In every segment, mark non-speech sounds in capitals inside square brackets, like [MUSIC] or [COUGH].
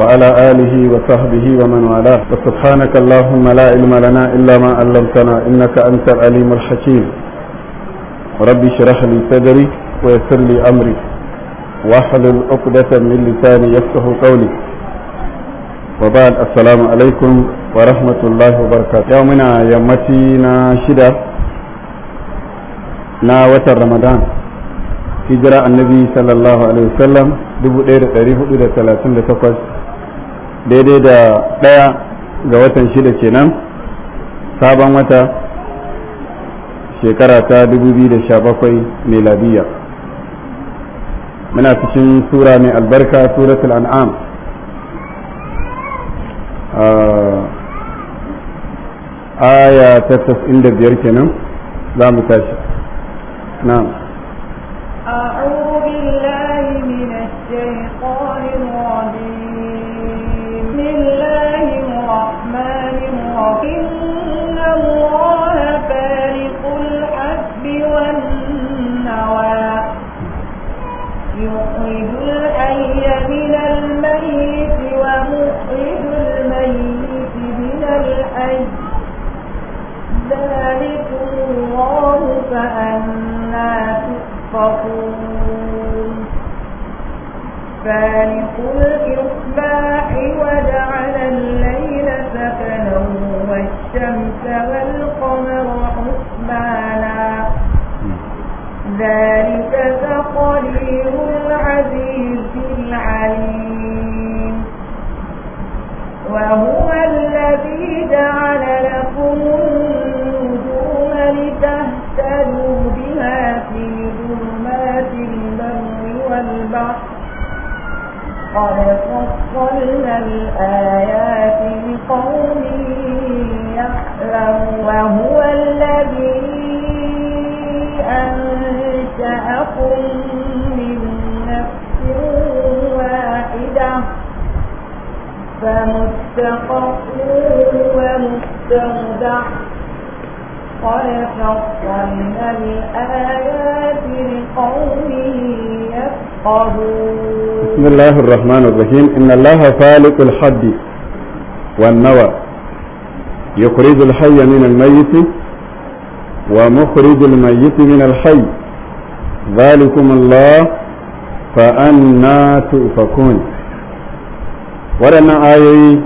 وعلى آله وصحبه ومن والاه وسبحانك اللهم لا علم لنا إلا ما علمتنا إنك أنت العليم الحكيم ربي اشرح لي صدري ويسر لي أمري واحلل عقدة من لساني يفقه قولي وبعد السلام عليكم ورحمة الله وبركاته يومنا يومتنا شدة نا وتر رمضان hijira annabi sallallahu alaihi wasallam 1438 daidai da ɗaya ga watan shida kenan sabon wata shekara ta 2017 meladiya muna cikin sura mai albarka suratul an'am aya ta biyar kenan za mu tashi na'am فأنا تؤفكون فالق الإصباح وجعل الليل سكنا والشمس والقمر حسبانا ذلك تقرير العزيز العليم وهو الذي جعل لكم الآيات لقوم يعلم وهو الذي أنشأكم من نفس واحدة فمستقر ومستودع قد فصلنا الآيات لقوم رزقه بسم الله الرحمن الرحيم إن الله فالق الحب والنوى يخرج الحي من الميت ومخرج الميت من الحي ذلكم الله فأنا تؤفكون waɗannan ayoyi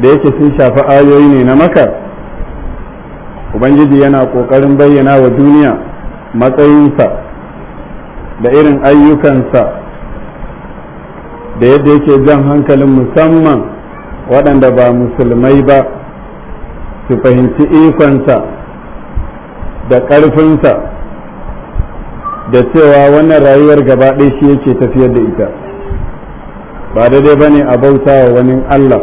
da yake sun shafi ayoyi ne na maka ubangiji yana ƙoƙarin bayyana wa duniya matsayinsa da irin ayyukansa da yadda yake jan hankalin musamman waɗanda ba musulmai ba su fahimci ikonsa da ƙarfinsa da cewa wannan rayuwar gaba ɗaya shi yake tafiyar da ita ba daidai ba ne a bauta wa wani Allah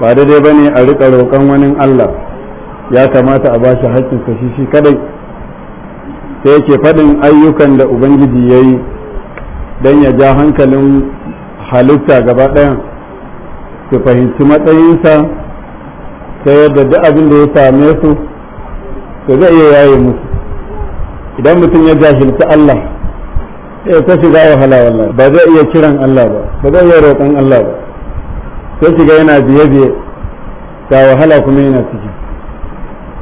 ba daidai ba ne a riƙa roƙon wani Allah ya kamata a ba shi haƙƙinsa shi shi kadai da yake faɗin ayyukan da ubangiji ya yi don ya ja hankalin halitta gaba ɗaya su fahimci matsayinsa ta yadda duk abin da ya same su su zai iya yaye musu idan mutum ya jahilci Allah ya ta shiga wahala wallahi ba zai iya kiran Allah ba ba zai iya roƙon Allah ba sai shiga yana biye biye ta wahala kuma yana ciki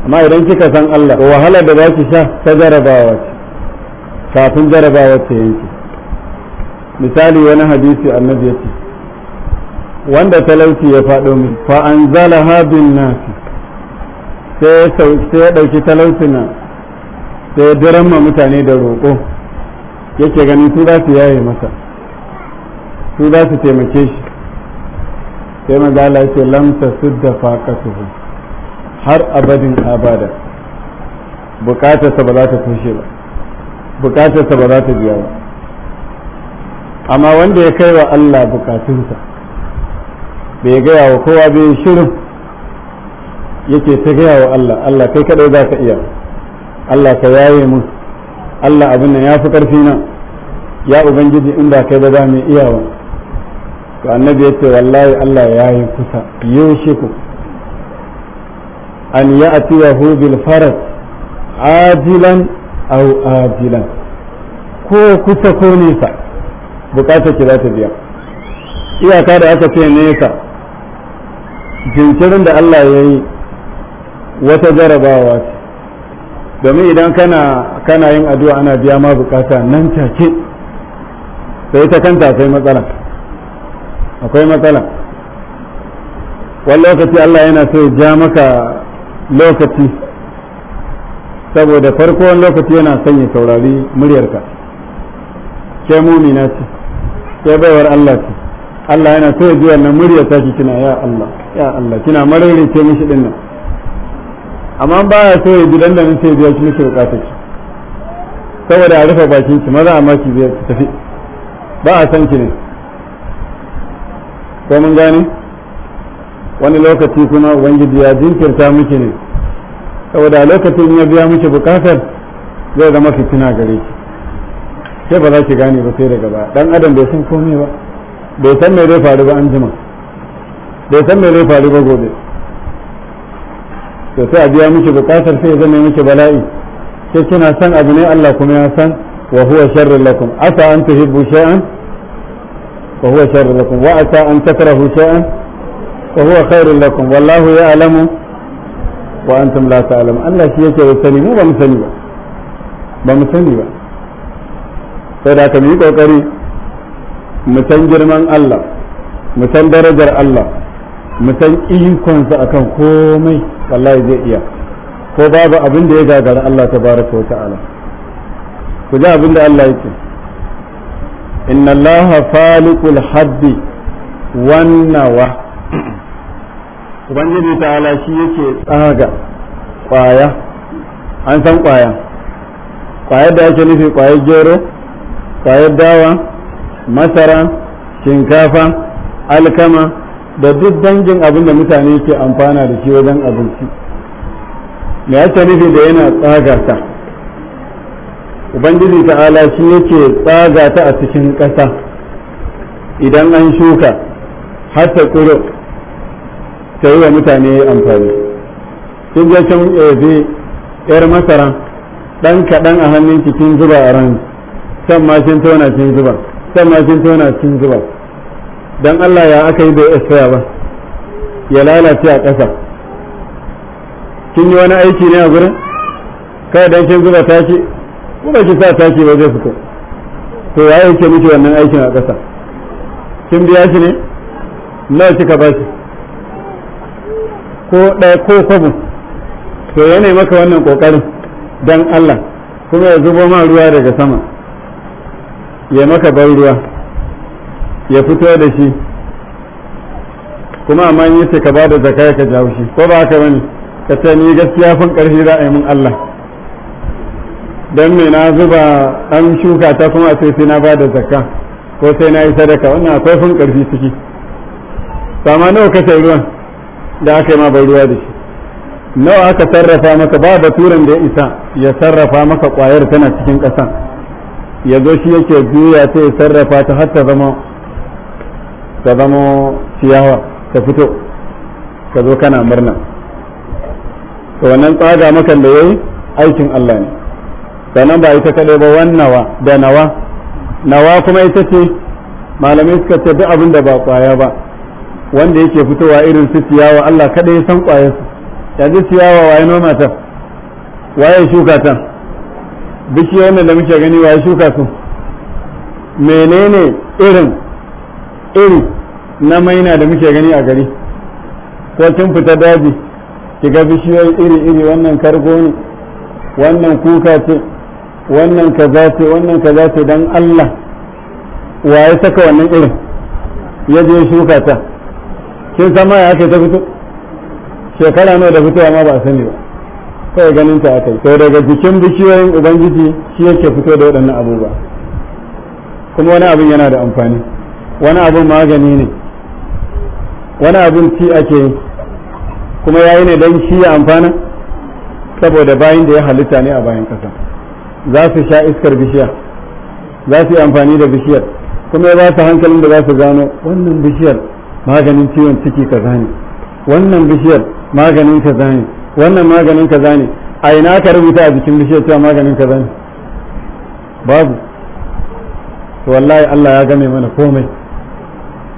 amma idan kika san Allah wahala da za ki sha ta jarabawa ce kafin jarabawa ce yanki misali wani hadisi annabi ya ce wanda talauci ya faɗo min fa anzala habin nasi sai ya ɗauki talauci na sai ya ma mutane da roƙo yake ganin su za su yaye masa su za su taimake shi sai maza ya ce lamta sudda faqatuhu har abadin abada bukatarsa ba za ta kushe ba bukatarsa ba za ta biya ba amma wanda ya kai wa Allah bukatunsa bai gaya wa kowa bai shirin yake ta gaya wa Allah Allah kai kadai za ka iya Allah ka yaye mu Allah abin nan ya fi ƙarfi na ya ubangiji in ba kai ba za mu iya wa, to annabi ya ce wallahi Allah ya yi kusa shi ku an ya'tiyahu bil bilfarar ajilan au ajilan ko kusa ko nesa bukatar ki za ta biya iyaka da aka ce nesa jinkirin da Allah ya yi wata jarabawa ce domin idan kana kana yin addu'a ana biya ma bukata nan take sai ta kanta sai matsala akwai matsala wani lokaci Allah yana so ya ja maka lokaci saboda farko wani lokaci yana sanya saurari muryarka ke mumina ce ke baiwar Allah ce Allah yana so ya ji wannan muryar ta ki kina ya Allah ya Allah kina marere ce mishi din nan amma ba ya so ya ji dan da sai biya shi mishi bukatar ki saboda a rufe bakin ki maza amma ki biya ki tafi ba a san ki ne ko mun gane wani lokaci kuma ubangiji ya jinkirta miki ne saboda lokacin ya biya miki bukatar zai zama fitina gare ki sai ba za ki gane ba sai daga ba dan adam bai san komai ba bai san me zai faru ba an jima bai san me zai faru ba gobe to sai a biya miki bukatar sai ya zama miki bala'i sai kina san abu ne Allah kuma ya san wa huwa sharrul lakum asa an tuhibbu shay'an wa huwa sharrul lakum wa asa an takrahu shay'an وهو خير لكم والله يعلم وانتم لا تعلمون ان الله يجي يسني مو بمسني بمسني با sai da ka yi kokari mu san girman Allah mu san darajar Allah mu san ikon sa akan komai wallahi zai iya ko babu abinda da ya gagara Allah tabaraka ta'ala ku ji abin da Allah yake inna Allah faliqul haddi wan ubangiji ta ala shi yake tsaga kwaya an san kwaya kwayar da yake nufi kwayar gero kwayar dawa masara shinkafa alkama da duk dangin abin da mutane ke amfana da shi wajen abinci me yake nufi da yana tsaga ta ubangiji ta ala shi yake tsaga ta a cikin ƙasa idan an shuka har ta ta yi wa mutane amfani kin je kin ebe eh, yar masara dan kaɗan a hannun ki kin zuba a ran san ma kin tona kin zuba san ma kin tona kin zuba dan Allah ya aka yi bai tsaya ba ya lalace a ƙasa kin yi wani aiki ne a gurin kai dan kin zuba taki kuma ba ki sa taki ba zai fito to ya ke miki wannan aikin a ƙasa kin biya shi ne nawa kika ba shi ko ɗaya ko kwabo to yanayi maka wannan ƙoƙarin don Allah kuma ya zubo ma ruwa daga sama ya maka ban ruwa ya fito da shi kuma amma yi ce ka ba da zakaya ka jawo shi ko ba haka bane ka ce ni gaskiya fin ƙarfi za a yi Allah don me na zuba an shuka ta kuma sai sai na da zakka ko sai na yi sadaka wannan akwai fin ƙarfi ciki ba ma nawa kashe ruwan da aka yi ma bai ruwa da shi nawa aka sarrafa maka ba da turan da ya isa ya sarrafa maka kwayar tana cikin ƙasa ya zo shi yake juya ta ya sarrafa ta har ta zama ta zama ciyawa ta fito ka zo kana murna to wannan tsaga makan da yayi aikin Allah ne sannan ba ita kaɗai ba wannawa da nawa nawa kuma ita ce malamai suka ce duk abin da ba kwaya ba wanda yake fitowa irin su ciyawa Allah kada ya san kwayan su yanzu ciyawa waye noma ta waye shuka ta bishiyoyin wannan da muke gani waye shuka su menene irin iri na maina da muke gani a gari ko kin fita daji kiga bishiyoyi iri iri wannan kargo ne wannan kuka ce wannan kaza ce wannan kaza ce dan Allah waye saka wannan irin ya shuka ta kin san ma ya ce ta fito shekara nawa da fitowa ma ba a sani ba kawai ganin ta aka yi to daga jikin bishiyoyin ubangiji shi yake fito da waɗannan abubuwa kuma wani abin yana da amfani wani abin magani ne wani abin ci ake yi kuma yayi ne don shi ya amfana saboda bayan da ya halitta ne a bayan ƙasa za su sha iskar bishiya za su yi amfani da bishiyar kuma ya ba su hankalin da za su gano wannan bishiyar maganin ciwon ciki ka ne wannan bishiyar maganin ka ne wannan maganin ka ne a ina ka rubuta a jikin bishiyar cewa maganin ka ne babu to wallahi Allah ya game mana komai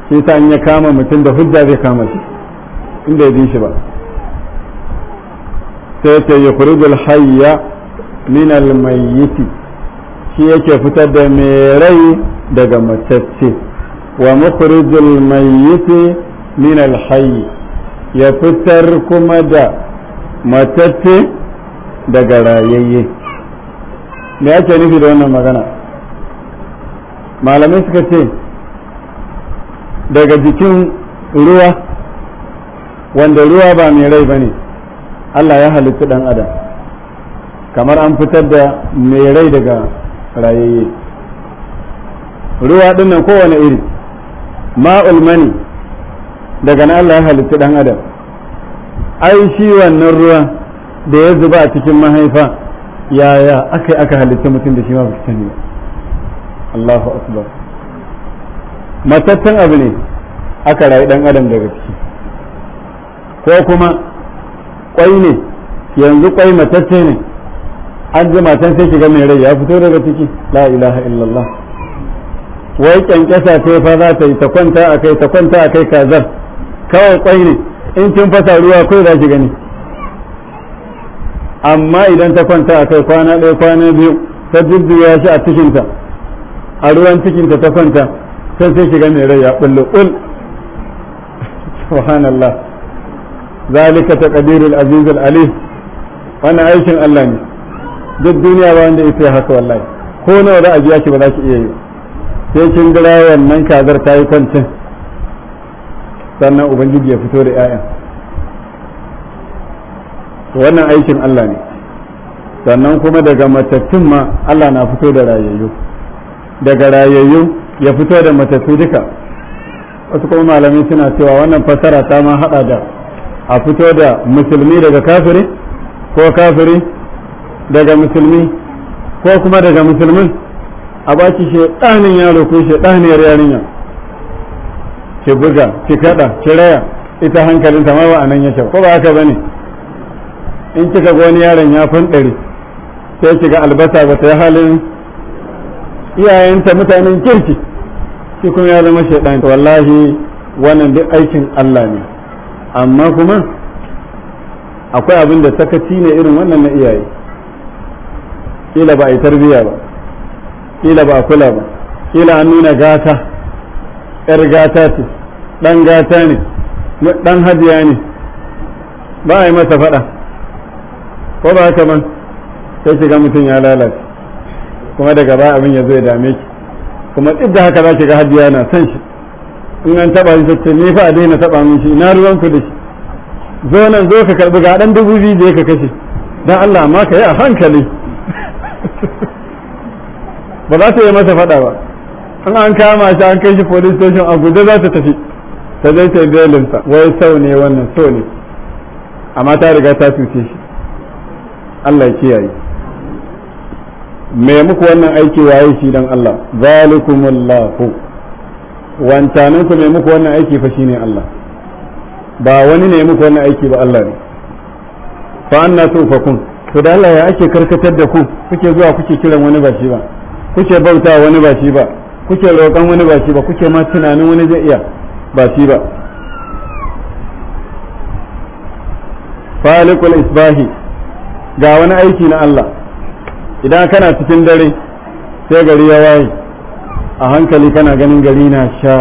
shi ta an ya kama mutum da hujja zai kama shi inda ya bi shi ba sai ta yi kurgul hayya min almayyiti shi yake fitar da mai rai daga matacce wa mukhrijul mayyiti min alhayy ya fitar kuma da matacce daga rayayye me ake nufi da wannan magana malamai suka ce daga jikin ruwa wanda ruwa ba mai rai ba ne Allah ya halitta ɗan adam kamar an fitar da mai rai daga rayayye ruwa ɗinnan kowane iri ma'ul mani daga na Allah ya halitta dan adam ai shi wannan ruwa da ya zuba a cikin mahaifa yaya aka aka halitta mutum da shi ma baki sani Allahu akbar matattan abu ne aka rayu dan adam daga ciki ko kuma kwai ne yanzu kwai matacce ne an ji matan sai shiga mai rai ya fito daga ciki la ilaha illallah wai kyankyasa ce fa za ta yi ta kwanta a kai ta kwanta a kai kazar kawai kwai ne in kin fasa ruwa kai za ki gani amma idan ta kwanta a kai kwana ɗaya kwana biyu ta dudduya shi a cikinta a ruwan cikinta ta kwanta sai sai shiga mai rai ya bullo ul subhanallah zalika taqdirul aziz al alim wannan aikin Allah ne duk duniya ba wanda yake haka wallahi ko nawa za a biya shi ba za ki iya yi sai kin jira wannan kazar ta yi kwancin sannan ubangiji ya fito da 'ya'yan wannan aikin Allah ne sannan kuma daga matattun ma Allah na fito da rayayyu daga rayayyu ya fito da matattu duka wasu kuma malamai suna cewa wannan fassara ta ma hada da a fito da musulmi daga kafiri ko kafiri daga musulmi ko kuma daga musulmin a baki shedanin yaro ko shedaniyar yarinya ki buga ki kada ki raya ita hankalin ta ba anan yake ko ba haka bane in kika ga wani yaron ya fanɗare sai kiga albasa ba ta yi halin iyayenta mutanen kirki shi kuma ya zama shaidan wallahi wannan duk aikin Allah ne amma kuma akwai abin da sakaci ne irin wannan na iyaye kila ba a yi tarbiyya ba kila ba kula ba kila an nuna gata yar gata ce ɗan gata ne ɗan hajiya ne ba a yi masa faɗa ko ba haka man sai shiga mutum ya lalace kuma daga ba abin ya zo ya dame ki kuma duk da haka za ki ga hajiya na san shi in an taɓa shi sai ne fa a daina taɓa min shi na ruwan ku da shi zo nan zo ka karɓi ga ɗan dubu biyu da ya ka kashe dan Allah ma ka yi a hankali [LAUGHS] ba za ta yi masa faɗa ba an an kama shi an kai shi police station a guje za ta tafi ta zai ta belinsa wai sau ne wannan so ne amma ta riga ta cuce shi Allah ya kiyaye me muku wannan aiki waye shi dan Allah zalikumullahu wancanin ku me muku wannan aiki fa shine Allah ba wani ne muku wannan aiki ba Allah ne fa anna tufakun to da Allah ya ake karkatar da ku kuke zuwa kuke kiran wani ba shi ba kuke bauta wani ba shi ba kuke roƙon wani ba shi ba kuke ma tunanin wani zai iya ba shi ba falikul isbahi ga wani aiki na Allah idan kana cikin dare sai gari ya waye a hankali kana ganin gari na sha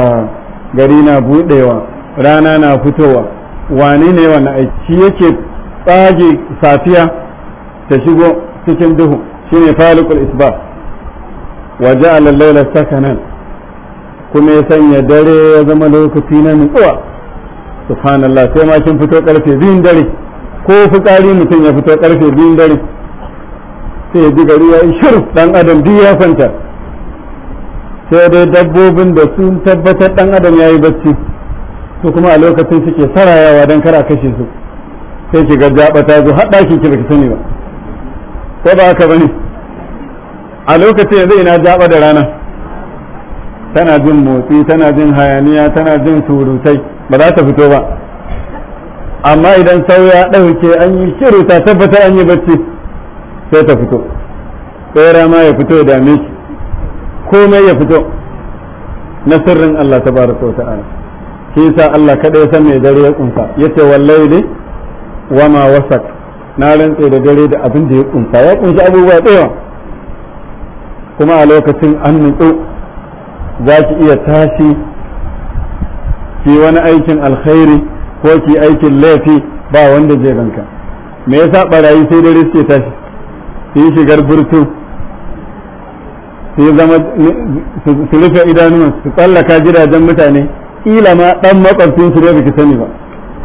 gari na budewa rana na fitowa wane ne wannan aiki yake tsage safiya ta shigo cikin duhu shine falikul isbahi Waje ja'ala al-layla nan kuma ya sanya dare ya zama lokaci na nutsuwa subhanallah sai ma kin fito karfe biyun dare ko fitsari mutum ya fito karfe biyun dare sai ya ji gari ya shir dan adam duk ya fanta sai dai dabbobin da sun tabbatar dan adam ya yi barci su kuma a lokacin suke sarayawa don kara kashe su sai ki ga ta zo har ɗakin ki baki sani ba ko ba haka a lokacin yanzu ina jaba da rana tana jin motsi tana jin hayaniya tana jin surutai ba za ta fito ba amma idan sauya ɗauke an yi shiru ta tabbatar an yi bacci sai ta fito tsera ma ya fito da ne komai ya fito na sirrin Allah ta bari ko ta'ala shi sa Allah kaɗai ya san me dare ya kunsa ce wallahi dai wa ma wasak na rantse da dare da abin da ya kunsa ya kunsa abubuwa ɗaya kuma a lokacin an nutsu za ki iya tashi ki wani aikin alkhairi ko ki aikin laifi ba wanda zai ganka me yasa barayi sai da suke tashi su yi shigar burtu su zama su rufe idanuwa su tsallaka gidajen mutane kila ma dan makwabcin su ne baki sani ba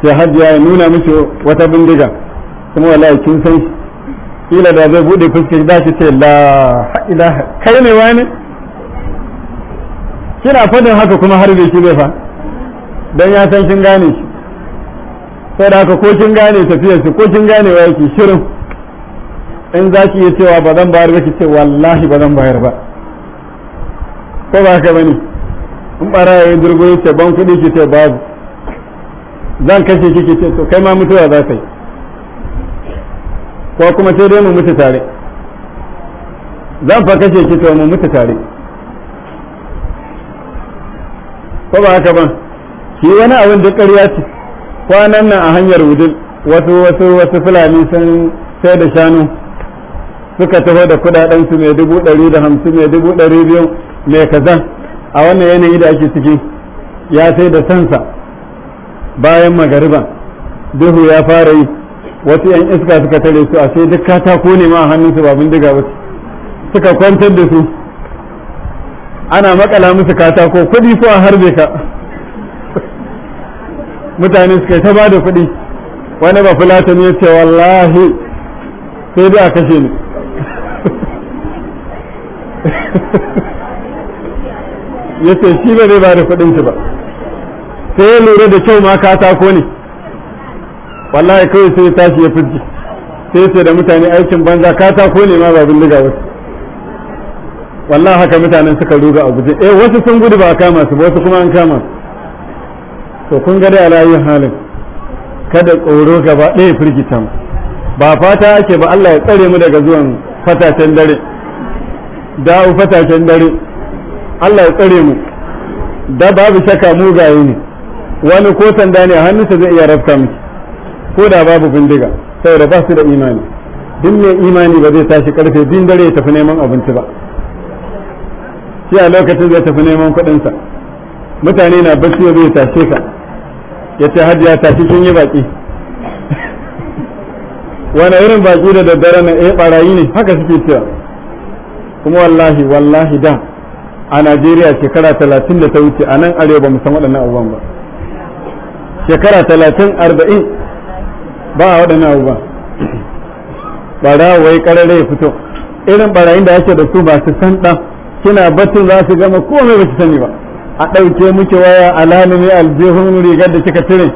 sai hajji ya nuna miki wata bindiga kuma wallahi kin san shi kila da zai bude fuskar da shi ce la ilaha kai ne wani kina fadin haka kuma har bai shi zai fa dan ya san kin gane shi sai da haka ko kin gane tafiyar shi ko kin gane wa yake shirin in za ki yi cewa ba zan bayar ba ki ce wallahi ba zan bayar ba ko ba ka bane in bara ya durgo ya ce ban kuɗi ki ce babu zan kashe ki ki ce to kai ma mutuwa za ka yi ko kuma sai dai mu mutu tare zan fa kashe ki to mu mutu tare ko ba haka ba shi wani abin da ƙarya ce kwanan nan a hanyar wudil wasu wasu wasu fulani sun sai da shanu suka taho da kudaden su mai dubu ɗari da hamsin mai dubu ɗari biyu mai kaza a wannan yanayi da ake ciki ya sai da sansa bayan magariba duhu ya fara yi wasu yan iska suka tare su a sai duk katako ne ma hannunsu ba bindiga ba suka kwantar da su ana makala musu katako kuɗi ko a harbe ka mutane suka ta ba da kuɗi wani ba fulatan ya ce wallahi sai dai a kashe ni [LAUGHS] ya ce shi ba zai ba da kuɗinsu ba sai ya lura da kyau ma katako ne wallahi kawai sai tashi ya fujji sai sai da mutane aikin banza katako ne ma ba bindiga wasu wallahi haka mutanen suka ruga a guje eh wasu sun gudu ba a kama su ba wasu kuma an kama to kun ga dai alayin halin kada tsoro gaba ɗaya firgita mu ba fata ake ba Allah ya tsare mu daga zuwan fatacen dare da'u fatacen dare Allah ya tsare mu da babu shaka mugaye ne wani ko sanda ne hannunsa zai iya rafta miki ko da babu bindiga saboda ba su da imani duk mai imani ba zai tashi karfe biyun dare ya tafi neman abinci ba shi a lokacin zai tafi neman kuɗinsa mutane na bacci zai tashe ka ya ce hajji ya tashi sun yi baki [LAUGHS] wani irin baki da daddare na eh barayi ne haka suke cewa kuma wallahi wallahi da a najeriya shekara talatin da ta wuce a nan arewa ba mu san waɗannan abubuwan ba shekara talatin arba'in ba a waɗannan abu ba ɓara wai ƙarare ya fito irin ɓarayin da ake da su ba su san ɗan kina batun za su gama komai ba su sani ba a ɗauke muke waya alamini aljihun rigar da kika cire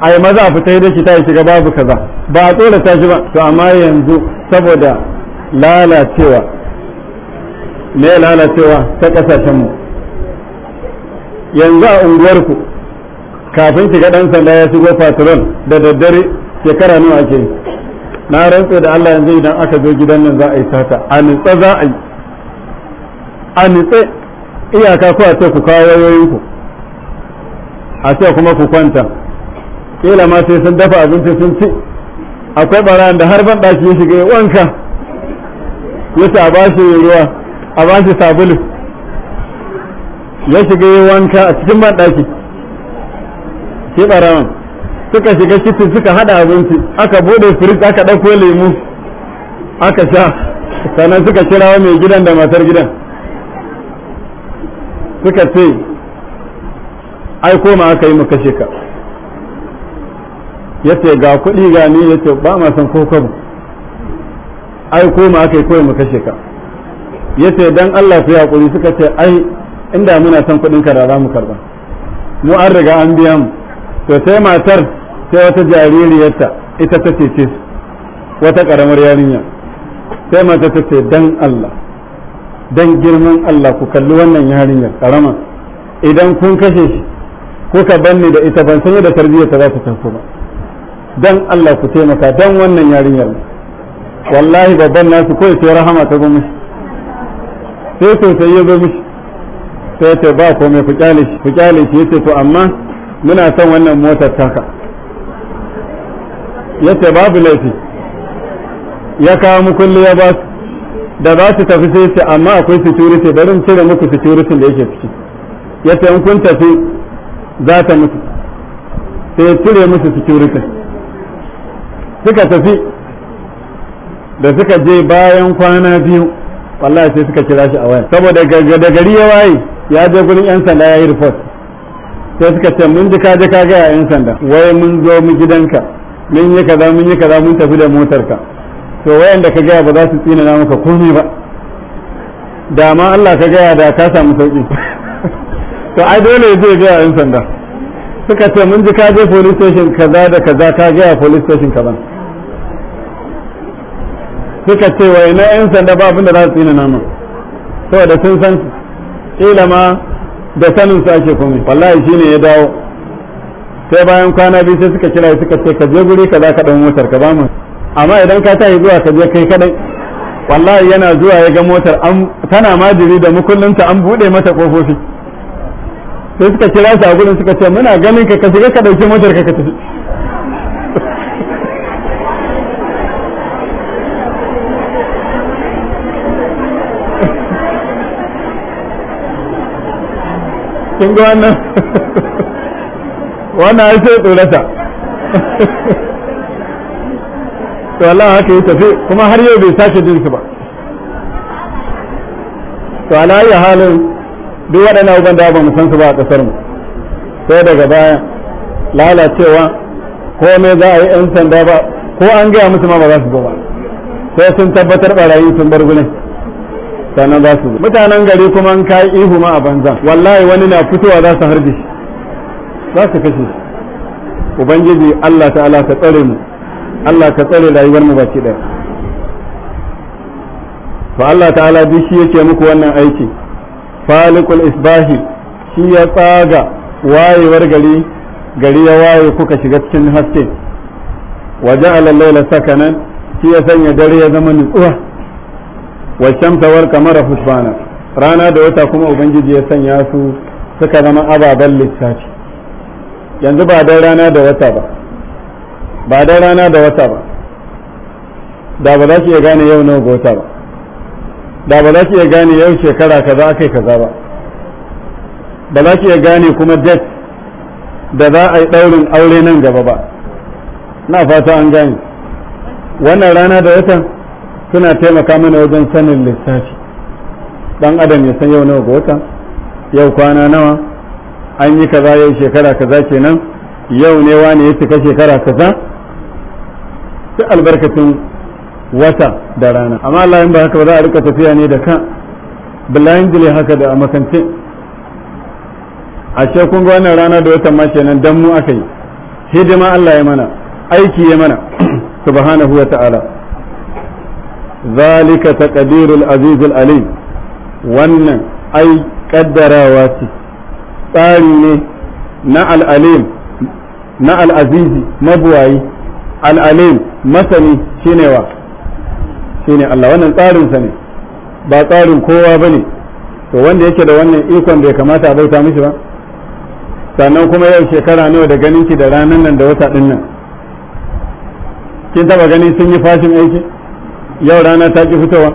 a yi maza a fita da shi ta shiga babu kaza ba a tsorata shi ba to amma yanzu saboda lalacewa me lalacewa ta ƙasashenmu yanzu a unguwarku kafin shiga dan sanda ya shigo patrol da daddare shekara nawa ake yi na rantsa da Allah yanzu idan aka zo gidan nan za a yi sata a nitsa za a yi a nitsa iyaka ko a ce ku kawo wayoyinku a ce kuma ku kwanta kila ma sai sun dafa abinci sun ci akwai barayan da har ban daki ya shiga ya wanka ya ce a shi ruwa a shi sabulu ya shiga ya wanka a cikin ban daki shi suka shiga kitchen suka hada abinci aka bude firij aka dauko lemu aka sha sannan suka kirawo mai gidan da matar gidan suka ce ai koma aka yi mu kashe ka yace ga kuɗi ga ni yace ba ma san ko kwabo ai koma aka yi mu kashe ka yace dan Allah ku hakuri suka ce ai inda muna san kuɗin ka da za mu karba mu an riga an biya mu to sai matar sai wata jaririyarta ita ta ce ce wata karamar yarinya sai mata ta ce dan Allah dan girman Allah ku kalli wannan yarinya karama idan kun kashe shi kuka banni da ita ban sanya da tarbiyyar ta za ta tafi ba dan Allah ku taimaka dan wannan yarinyar wallahi babban nasu kawai sai rahama ta gumi sai sosai ya zo mishi sai ta ba komai ku kyale shi ku kyale shi yace to amma muna son wannan motar taka ya ce babu laifi ya kawo mukulli ya ba su da za su tafi sai ce amma akwai security barin cire muku security da yake ciki ya ce in kun tafi za ta mutu sai ya cire musu security suka tafi da suka je bayan kwana biyu wallahi sai suka kira shi a waya saboda gari ya waye ya je gurin yan sanda ya yi report sai suka ce mun ji kaje ka ga yan sanda wai mun zo mu gidanka mun yi kaza mun yi kaza mun tafi da motarka to wayanda ka gaya ba za su tsina na maka komai ba da ma Allah ka gaya da ka samu sauki [LAUGHS] to ai dole ya je ga yan sanda suka ce mun ji ka police station kaza da kaza ka gaya police station kaza suka ce wai na yan sanda ba abin da za su tsina na mu saboda sun san kila ma da sanin sa ake komai wallahi shine ya dawo sai bayan kwana biyu sai suka kira suka ce ka je guri kaza ka dan motar ka ba mu amma idan ka tashi zuwa ka je kai kadai wallahi yana zuwa ya ga motar an tana majiri da mukullinta an bude mata kofofi sai suka kira shi a gurin suka ce muna ganin ka ka shiga ka dauki motar ka ka tafi kun ga wannan wannan ya ce tsorata to Allah haka ya tafi kuma har yau bai sake jin su ba to ala ya halin duk waɗannan abubuwan da ba mu san su ba a ƙasar mu sai daga baya lalacewa ko me za a yi 'yan sanda ba ko an gaya musu ma ba za su zo ba sai sun tabbatar barayi sun bar gune sannan za su mutanen gari kuma an kai ihu ma a banza wallahi wani na fitowa za su harbe shi za su kashe shi ubangiji Allah ta'ala ka tsare mu Allah ka tsare rayuwar mu baki daya fa Allah ta'ala duk shi yake muku wannan aiki falikul isbahi shi ya tsaga wayewar gari gari ya waye kuka shiga cikin haske waje ja'ala al-layla sakanan shi ya sanya dare ya zama nutsuwa والشمس والقمر حسبانا رانا da wata kuma ubangiji ya sanya su suka zama ababen lissafi yanzu ba dan rana da wata ba ba dan rana da wata ba da ba za su iya gane yau nawa wata ba da ba za su iya gane yau shekara kaza akai kaza ba ba za su iya gane kuma date da za a yi daurin aure nan gaba ba na fata an gane wannan rana da watan suna taimaka mana wajen sanin lissafi dan adam ya san yau nawa ga wata yau kwana nawa an yi kaza yau shekara kaza kenan yau ne wani ya cika shekara kaza sai albarkacin wata da rana amma Allah ba haka ba za a rika tafiya ne da ka blindly haka da a makance ashe kun ga wannan rana da watan ma kenan dan mu aka yi hidima Allah ya mana aiki ya mana [CLEARS THROAT] subhanahu wa ta'ala zalika taqdirul azizul alim wannan ai kaddarawa ce tsari ne na al'alim na al'azizi mabuwayi al'alim masani shine wa shine Allah wannan tsarinsa ne ba tsarin kowa ba ne to wanda yake da wannan ikon bai kamata a bauta mishi ba sannan kuma yau shekara nawa da ganin ki da ranar nan da wata ɗin nan kin taba ganin sun yi fashin aiki yau rana ta ki fitowa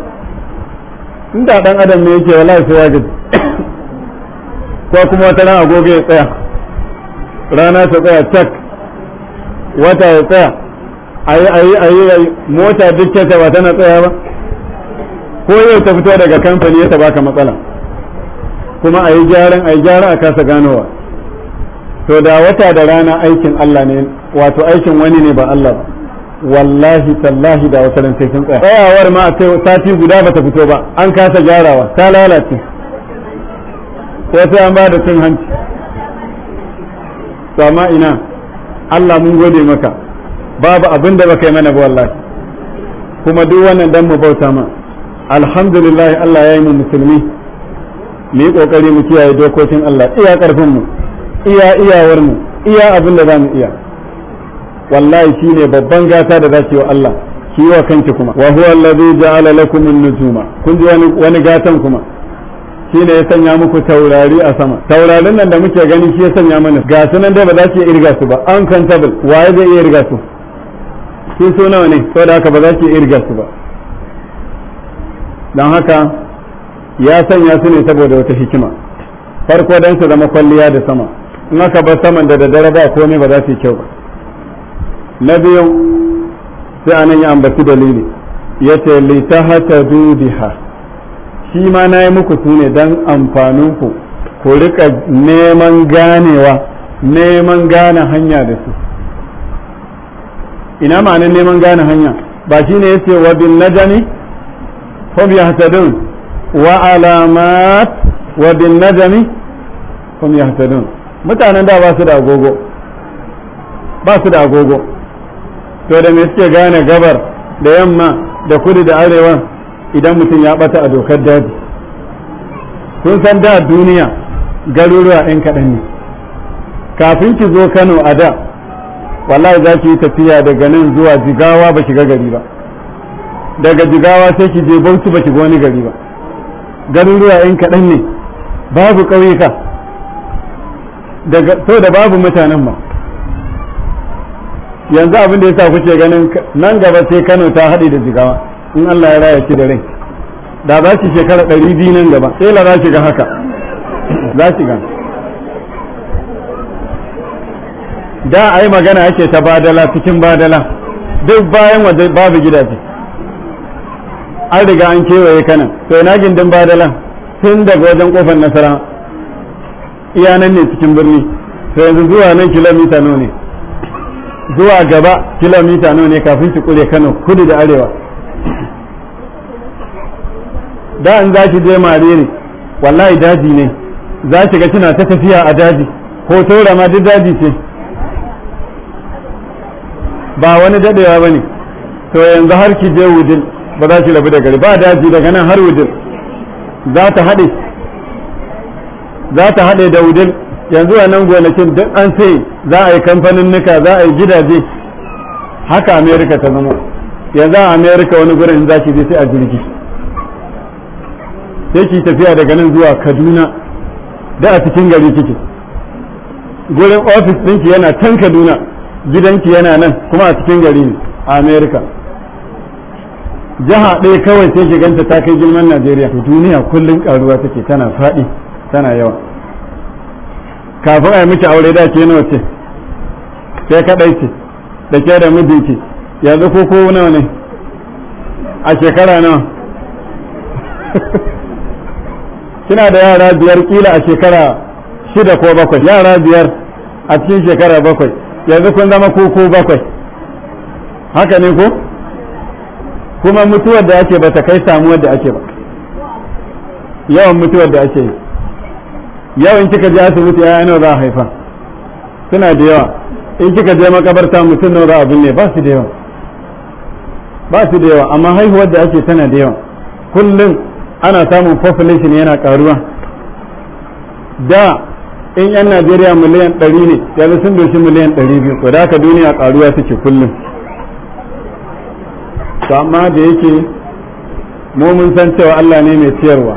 inda dan adam ne yake wallahi sai wajib gaji ko kuma wata ran agogo ya tsaya rana ta tsaya tak wata ya tsaya ayi ayi ayi mota duk ta ba tana tsaya ba ko yau ta fito daga kamfani ya ta baka matsala kuma ayi gyaran ayi gyara a kasa ganowa to da wata da rana aikin Allah ne wato aikin wani ne ba Allah ba wallahi tallahi da wata ran sai sun tsaya tsayawar ma a kai sati guda bata fito ba an kasa gyarawa ta lalace sai sai an ba da cin hanci to amma ina Allah mun gode maka babu abin da baka yi mana ba wallahi kuma duk wannan dan mu bauta ma alhamdulillah Allah ya yi mu musulmi mu yi kokari mu kiyaye dokokin Allah iya karfin mu iya iyawar mu iya abin da za mu iya wallahi shine babban gata da zaki wa Allah ki wa kanki kuma wa huwa allazi ja'ala lakum an-nujuma kun ji wani wani gatan kuma shine ya sanya muku taurari a sama taurarin nan da muke gani shi ya sanya mana gasu nan dai ba za ki irga su ba an tabul. waye zai iya irga su su so nawa ne da haka ba za ki irga su ba Dan haka ya sanya su ne saboda wata hikima farko dan su zama kwalliya da sama in aka bar saman da daddare ba komai ba za su yi kyau ba na biyu sai anan ya ambaci dalili ya ce litahata ha shi ma na yi muku su ne don amfaninku ku rika neman ganewa neman gane hanya da su ina ma'anin neman gane hanya ba shi ne ya ce wa bin ya hata dun wa alamat wa bin najami hum dun mutanen da ba su da agogo ba su da agogo to da me suke gane gabar da yamma da kudu da arewa idan mutum ya bata a dokar daji kun san da duniya garuruwa 'yan kaɗan ne kafin ki zo kano a da wallahi za ki yi tafiya daga nan zuwa jigawa ba shiga gari ba daga jigawa sai ki je Bautu ba shiga wani gari ba garuruwa 'yan kaɗan ne babu ƙauyuka daga so da babu mutanen ba yanzu abin da ya sa kuke ganin nan gaba sai Kano ta haɗe da jigawa in Allah ya raya ki da rai da za ki shekara ɗari biyu nan gaba sai la za ki ga haka za ki ga da a yi magana ake ta badala cikin badala duk bayan waje babu gidaje an riga an kewaye kanan to ina gindin badala tun daga wajen kofar nasara iyanan ne cikin birni to yanzu zuwa nan kilomita nawa ne zuwa gaba kilomita nawa ne kafin ki kure Kano kudu da arewa da in za ki je ne wallahi daji ne za ki ga kina ta tafiya a daji ko tora ma duk daji ce ba wani dadewa ba ne to yanzu har ki je wudil ba za ki rabu da gari ba daji daga nan har wudil za ta haɗe da wudil yanzu a nan gonakin duk an sai za a yi kamfanin nika za a yi gidaje haka amerika ta zama yanzu a amerika wani gurin za ki sai a jirgi sai ki tafiya daga nan zuwa kaduna da a cikin gari kike gurin ofis ɗinki yana can kaduna gidanki yana nan kuma a cikin gari ne a amerika jiha ɗaya kawai sai ki ganta ta kai girman najeriya duniya kullum ƙaruwa take tana faɗi tana yawa kafin a yi miki aure da ke nawa ce ke kadai ce da ke da mijinki yanzu ko ko nawa ne a shekara nawa [LAUGHS] kina da yara biyar kila a shekara shida ko bakwai yara biyar a cikin shekara bakwai yanzu kun zama ko bakwai haka ne ko kuma mutuwar da ake ba ta kai samuwar da ake ba yawan mutuwar da ake yi yawan kika je asibiti ya yana za a haifa suna da yawa in kika je makabarta mutum nawa za a binne ba su da yawa ba su da yawa amma haihuwar da ake tana da yawa kullum ana samun population yana karuwa da in yan najeriya miliyan ɗari ne yanzu sun doshi miliyan ɗari biyu ko da haka duniya karuwa take kullum to amma da yake mu mun san cewa allah ne mai ciyarwa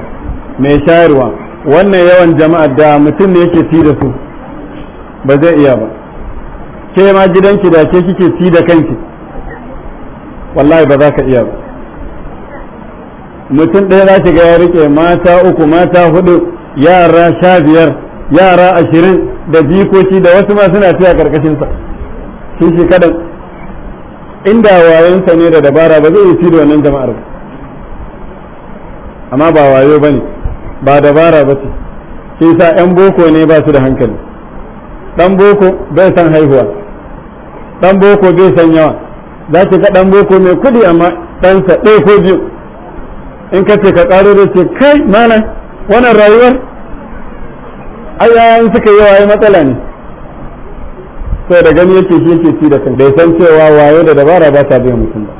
mai shayarwa wannan yawan jama'a da mutum ne yake fi da su ba zai iya ba ke ma gidanki da ke kike fi da kanki wallahi ba za ka iya ba mutum ɗaya za ki ga ya rike mata uku mata hudu yara sha biyar yara ashirin da jikoki da wasu ma suna fiya karkashinsa ƙarƙashinsa shi kaɗan inda wayansa ne da dabara ba zai yi fi da wannan jama'ar ba amma ba wayo ba ne ba dabara ba ce shi sa 'yan boko ne ba su da hankali ɗan boko bai san haihuwa ɗan boko bai san yawa za ki ga ɗan boko mai kudi amma ɗansa ɗaya ko biyu in ka ce ka ƙaro da ce kai mana wannan rayuwar ayyayan suka yi waye matsala ne sai da gani yake shi yake ci da kan bai san cewa waye da dabara ba ta biyan mutum ba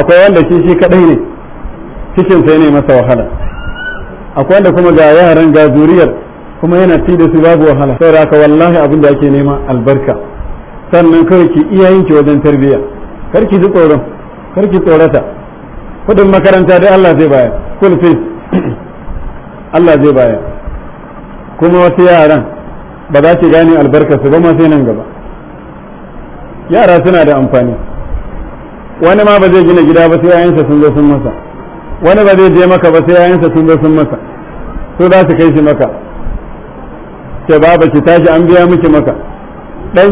akwai wanda shi shi kaɗai ne cikin sai ne masa wahala akwai wanda kuma ga yaran ga zuriyar kuma yana ci da su babu wahala sai raka wallahi abin da ake nema albarka sannan kawai ki iyayen ki wajen tarbiyya kar ki ji tsoron kar ki tsorata kudin makaranta dai Allah zai bayar full fees [CLEARS THROAT] Allah zai bayar kuma wasu yaran ba za ki gane albarka su ba ma sai nan gaba yara suna da amfani wani ma ba zai gina gida ba sai ayansa sun zo sun masa wani ba zai je maka ba sai yayansa sun zo sun masa su za su kai shi maka ce baba ki tashi an biya miki maka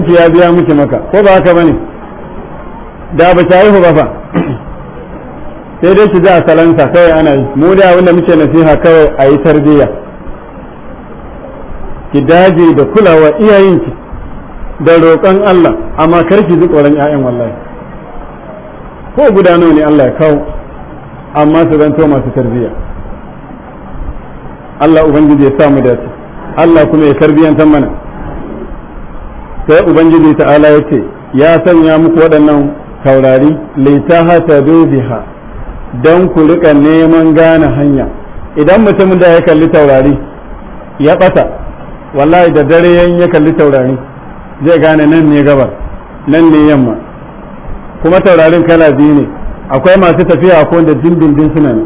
ki ya biya miki maka ko ba haka bane da ba ta haihu ba fa sai dai ki ji a salansa kawai ana yi mu da wanda muke nasiha kawai a yi tarbiyya ki daji da kulawa iyayenki da roƙon Allah amma kar ki ji tsoron 'ya'yan wallahi ko gudano ne Allah ya kawo amma su zanto masu tarbiyya Allah ubangiji ya samu dace Allah kuma ya tarbiyyantar mana sai ubangiji ta'ala ya ce ya sanya muku waɗannan taurari litaha ta biha don ku rika neman gane hanya idan mutum da ya kalli taurari ya ɓata wallahi da dare yan ya kalli taurari zai gane nan ne gabar nan ne yamma kuma taurarin kala biyu ne akwai masu tafiya ko da dindindin suna ne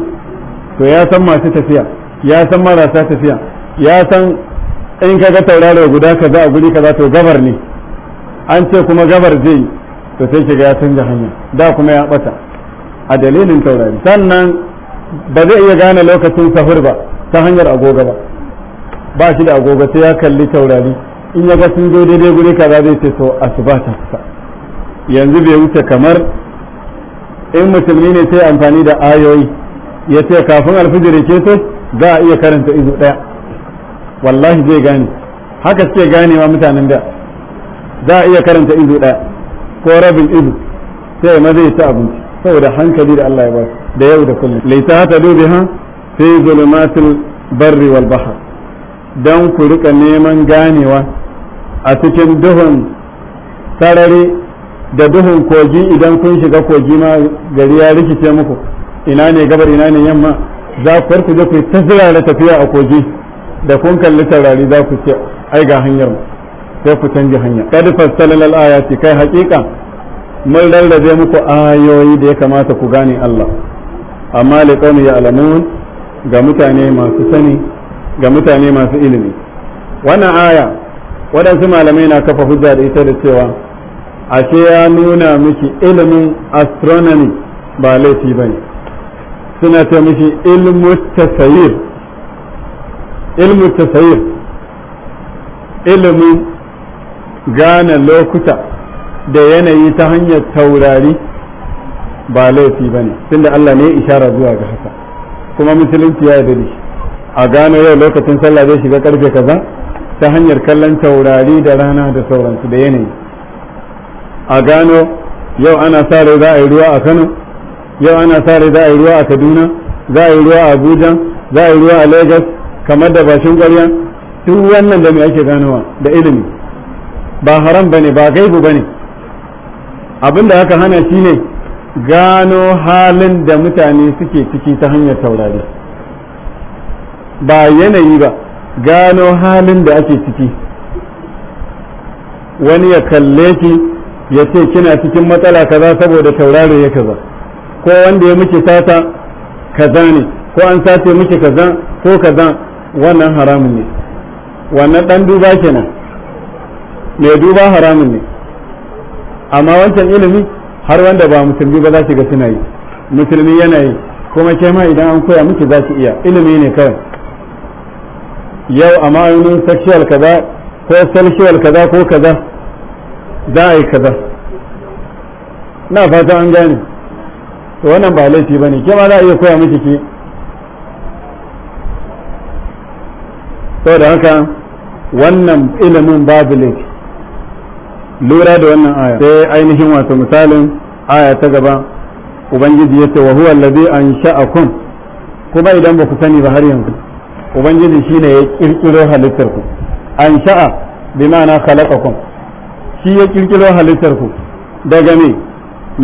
to ya san masu tafiya ya san marasa tafiya ya san in ka ga tauraro guda kaza a guri kaza to gabar ne an ce kuma gabar zai to sai shiga ya canza hanya da kuma ya bata a dalilin taurari sannan ba zai iya gane lokacin sahur ba ta hanyar agogo ba ba shi da agogo sai ya kalli taurari in ya ga sun zo daidai guri kaza zai ce to asuba ta yanzu bai wuce kamar in musulmi ne sai amfani da ayoyi ya ce kafin alfijir ke keto za a iya karanta izu ɗaya wallahi zai gane haka suke ganewa mutanen da za a iya karanta izu ɗaya ko rabin izu sai ma zai ci abinci saboda hankali da Allah ya ba da yau da kullum laita ta dubi ha fi zulumatil barri wal bahr dan ku rika neman ganewa a cikin duhun sarari da duhun kogi idan kun shiga kogi ma gari ya rikice muku ina ne gabar ina ne yamma za ku farko je ku ta zirara tafiya a kogi da kun kalli taurari za ku ce ai ga hanyar sai ku canja hanya kad fassalal ayati kai haƙiƙa mun rarrabe muku ayoyi da ya kamata ku gane Allah amma liqawmi ya'lamun ga mutane masu sani ga mutane masu ilimi wannan aya waɗansu malamai na kafa hujja da ita da cewa ashe ya nuna miki ilimin astronomy ba laifi ba ne suna ta miki ilimin tasayir ilimin gane lokuta da yanayi ta hanyar taurari ba laifi ba ne tunda Allah ne ishara zuwa ga haka kuma musulunci ya yi a gano yau lokacin sallah zai shiga karfe kaza ta hanyar kallon taurari da rana da sauransu da yanayi a gano yau ana sa rai za a yi ruwa a kano yau ana sa rai za a yi ruwa a kaduna za a yi ruwa a abuja za a yi ruwa a lagos kamar da bashin ƙwarya duk wannan da me ake ganowa da ilimi ba haram bane ba gaibu bane abin da haka hana shi ne gano halin da mutane suke ciki ta hanyar taurari ba yanayi ba gano halin da ake ciki wani ya kalle ki ya ce kina cikin matsala kaza saboda tauraro ya kaza ko wanda ya miki sata kaza ne ko an sace miki kaza ko kaza wannan haramun ne wannan dan duba kenan mai duba haramun ne amma wancan ilimi har wanda ba musulmi ba za shi ga suna yi musulmi yana yi kuma ke ma idan an koya miki za ki iya ilimi ne kawai yau a ma'aunin sexual kaza ko sexual kaza ko kaza za a yi kaza na fata an gane to wannan ba laifi ba ne ke ma za a iya koya miki ke saboda haka wannan ilimin babu laifi lura da wannan aya sai ainihin wato misalin aya ta gaba ubangiji ya ce wa huwa allazi ansha'akum kuma idan ba ku sani ba har yanzu ubangiji shine ya kirkiro halittar ku ansha'a bima'ana khalaqakum shi ya kirkiro halittar ku daga ne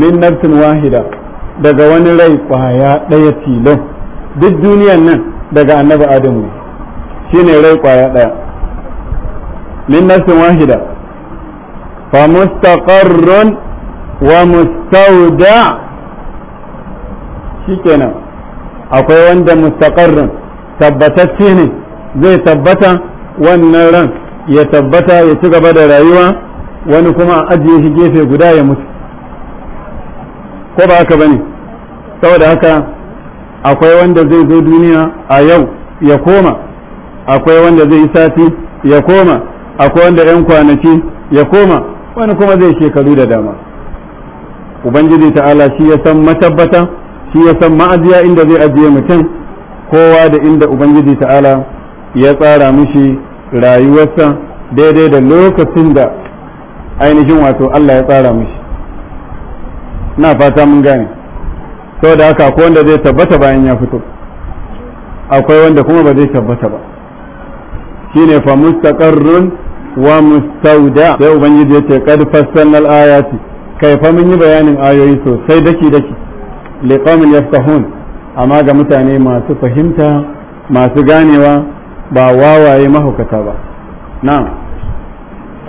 min nafsin wahida daga wani rai kwaya ɗaya tilon duk duniyan nan daga annabi adamu ne shi ne rai kwaya ɗaya min nafsin wahida fa mustaqarrun wa mustauda shikenan akwai wanda mustaqarrun tabbatacce ne zai tabbata wannan ran ya tabbata ya ci gaba da rayuwa wani kuma a ajiye shi gefe guda ya mutu ko ba haka bane saboda haka akwai wanda zai zo duniya a yau ya koma akwai wanda zai yi sati ya koma akwai wanda yan kwanaki ya koma wani kuma zai shekaru da dama ubangiji ta'ala shi ya san matabbata shi ya san ma'ajiya inda zai ajiye mutum kowa da inda ubangiji ta'ala ya tsara mishi rayuwarsa daidai da lokacin da ainihin wato Allah ya tsara mishi na fata mun gane saboda haka akwai wanda zai tabbata bayan ya fito akwai wanda kuma ba zai tabbata ba shine fa mustaqarrun wa mustauda sai ubangiji yace qad fassalna ayati kai fa mun yi bayanin ayoyi sosai daki daki liqamin yafqahun amma ga mutane masu fahimta masu ganewa ba wawaye mahaukata ba na'am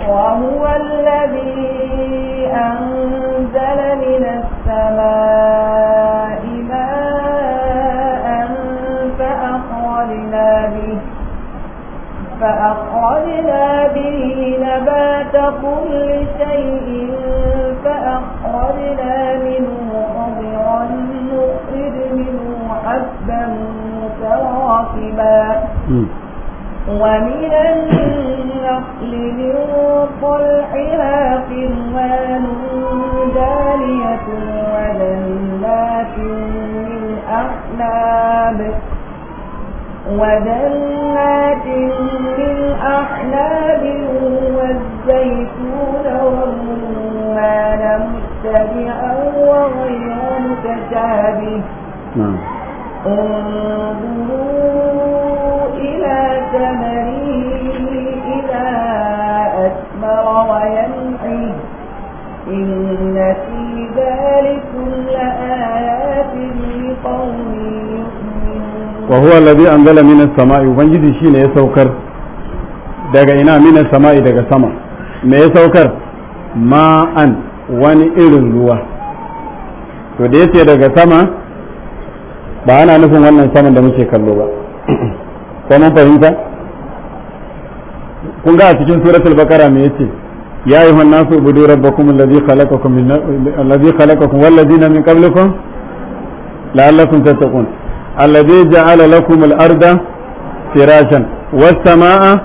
وهو الذي أنزل من السماء ماء فأخرجنا به فأخرجنا به نبات كل شيء فأخرجنا منه خضرا نخرج منه حبا متراكبا ومن النخل من طلعها قرمان دانية وجنات من أعناب وجنات من أعناب والزيتون والرمان متبعا وغير متشابه نعم. انظروا ثمره إذا أثمر وينعي إن في ذلكم لآيات لقوم وهو الذي أنزل من السماء وبنجد شيء يسوكر daga ina mina sama'i daga sama me ya saukar ma'an wani irin ruwa to da ya yace daga sama ba ana nufin wannan saman da muke kallo ba ko mun fahimta kun ga a cikin suratul bakara me yace ya ayyuha an-nasu ubudu rabbakum alladhi khalaqakum min alladhi khalaqakum wal ladina min qablikum la'allakum tattaqun alladhi ja'ala lakum al-arda firashan was samaa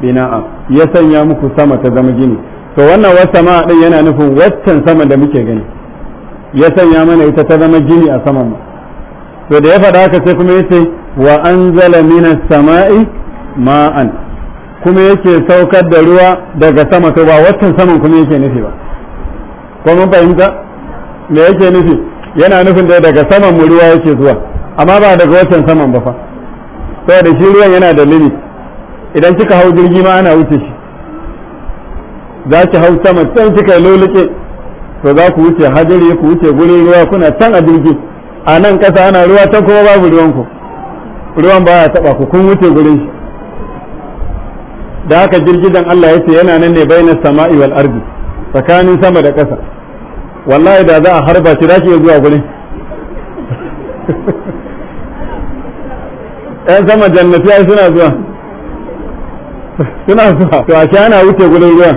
bina'a ya sanya muku sama ta zama gini to wannan was samaa din yana nufin waccan sama da muke gani ya sanya mana ita ta zama gini a saman mu to da ya faɗa haka sai kuma yace wa anzala minas sama'i ma'an kuma yake saukar da ruwa daga sama to ba watan saman kuma yake nufi ba ko mun fahimta me yake nufi yana nufin da daga saman mu ruwa yake zuwa amma ba daga watan saman ba fa saboda shi ruwan yana da limit idan kika hau jirgi ma ana wuce shi za ki hau sama can kika lulluke to za ku wuce hadiri ku wuce gurin ruwa kuna can a jirgi a nan ƙasa ana ruwa ta kuma babu ruwanku ruwan ba ya taɓa ku kun wuce gurin shi da haka girgizan Allah yace yana nan ne bainas sama'i wal ardi tsakanin sama da ƙasa wallahi da za a harba shi rashi zuwa gurin ɗan sama jannati ai suna zuwa suna zuwa to a ana wuce zuwa. ruwan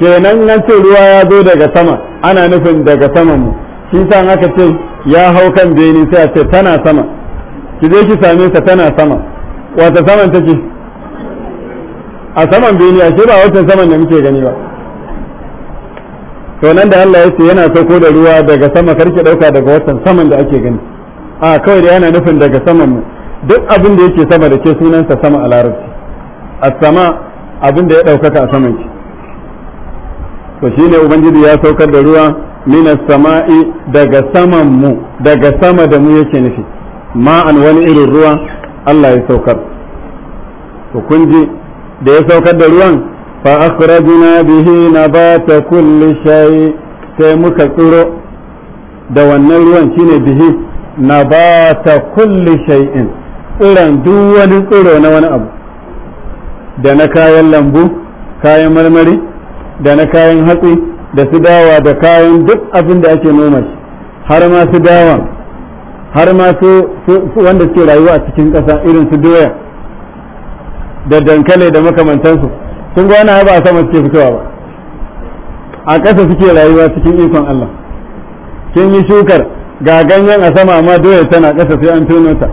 kenan an ce ruwa ya zo daga sama ana nufin daga saman mu shi sa aka ce ya hau kan beni sai a ce tana sama ki je ki same ta tana sama wata saman take a saman duniya sai ba watan saman da muke gani ba to nan da Allah ya ce yana sauko da ruwa daga sama karki dauka daga watan saman da ake gani a kawai da yana nufin daga saman mu duk abin da yake sama da ke sunansa sama a larabci a sama abin da ya ɗaukaka a saman ki to shine ubangiji ya saukar da ruwa minas sama'i daga saman mu daga sama da mu yake nufi ma'an wani irin ruwa Allah ya saukar to kun ji da ya saukar da ruwan fa akhrajna bihi nabata kulli shay sai muka tsiro da wannan ruwan shine bihi nabata kulli shay'in tsiron duk wani tsiro na wani abu da na kayan lambu kayan marmari da na kayan hatsi da su dawa da kayan duk abin da ake noma shi har ma su dawa har ma su wanda suke rayuwa a cikin ƙasa irin su doya da dankali da makamantansu sun ga wani ba a sama suke fitowa ba a ƙasa suke rayuwa cikin ikon Allah kin yi shukar ga ganyen a sama amma doya tana ƙasa sai an tono ta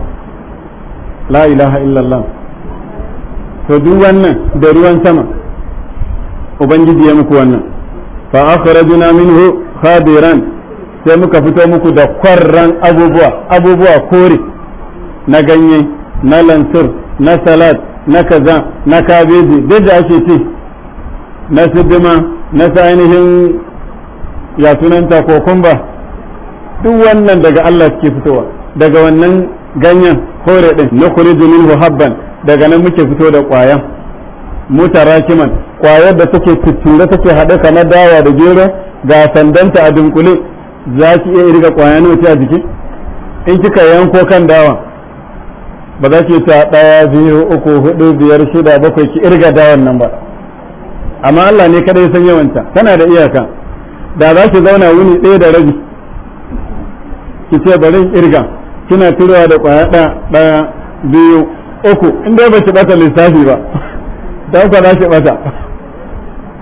la ilaha illallah to duk wannan da ruwan sama ubangiji ya muku wannan fa akhrajna minhu khadiran sai muka fito muku da kwarran abubuwa abubuwa kore na ganye na lantur, na salat na kaza na kabeji duk da ake ce na sidima na ainihin ya sunanta kokumba duk wannan daga Allah suke fitowa daga wannan ganyen kore din na kuri minhu habban daga nan muke fito da kwayan rakiman kwayar da take tuttura take haɗe kamar dawa da gero ga sandanta a dunkule za ki iya irga kwayan nawa a jiki in kika yanko kan dawa ba za ki ta ɗaya biyu uku hudu biyar shida bakwai ki irga da wannan ba amma Allah ne ya san yawanta tana da iyaka da za ki zauna wuni ɗaya da rabi ki ce bari irga kina turowa da kwaya ɗaya biyu uku in dai ba ki bata lissafi ba [LAUGHS] da ba za ki bata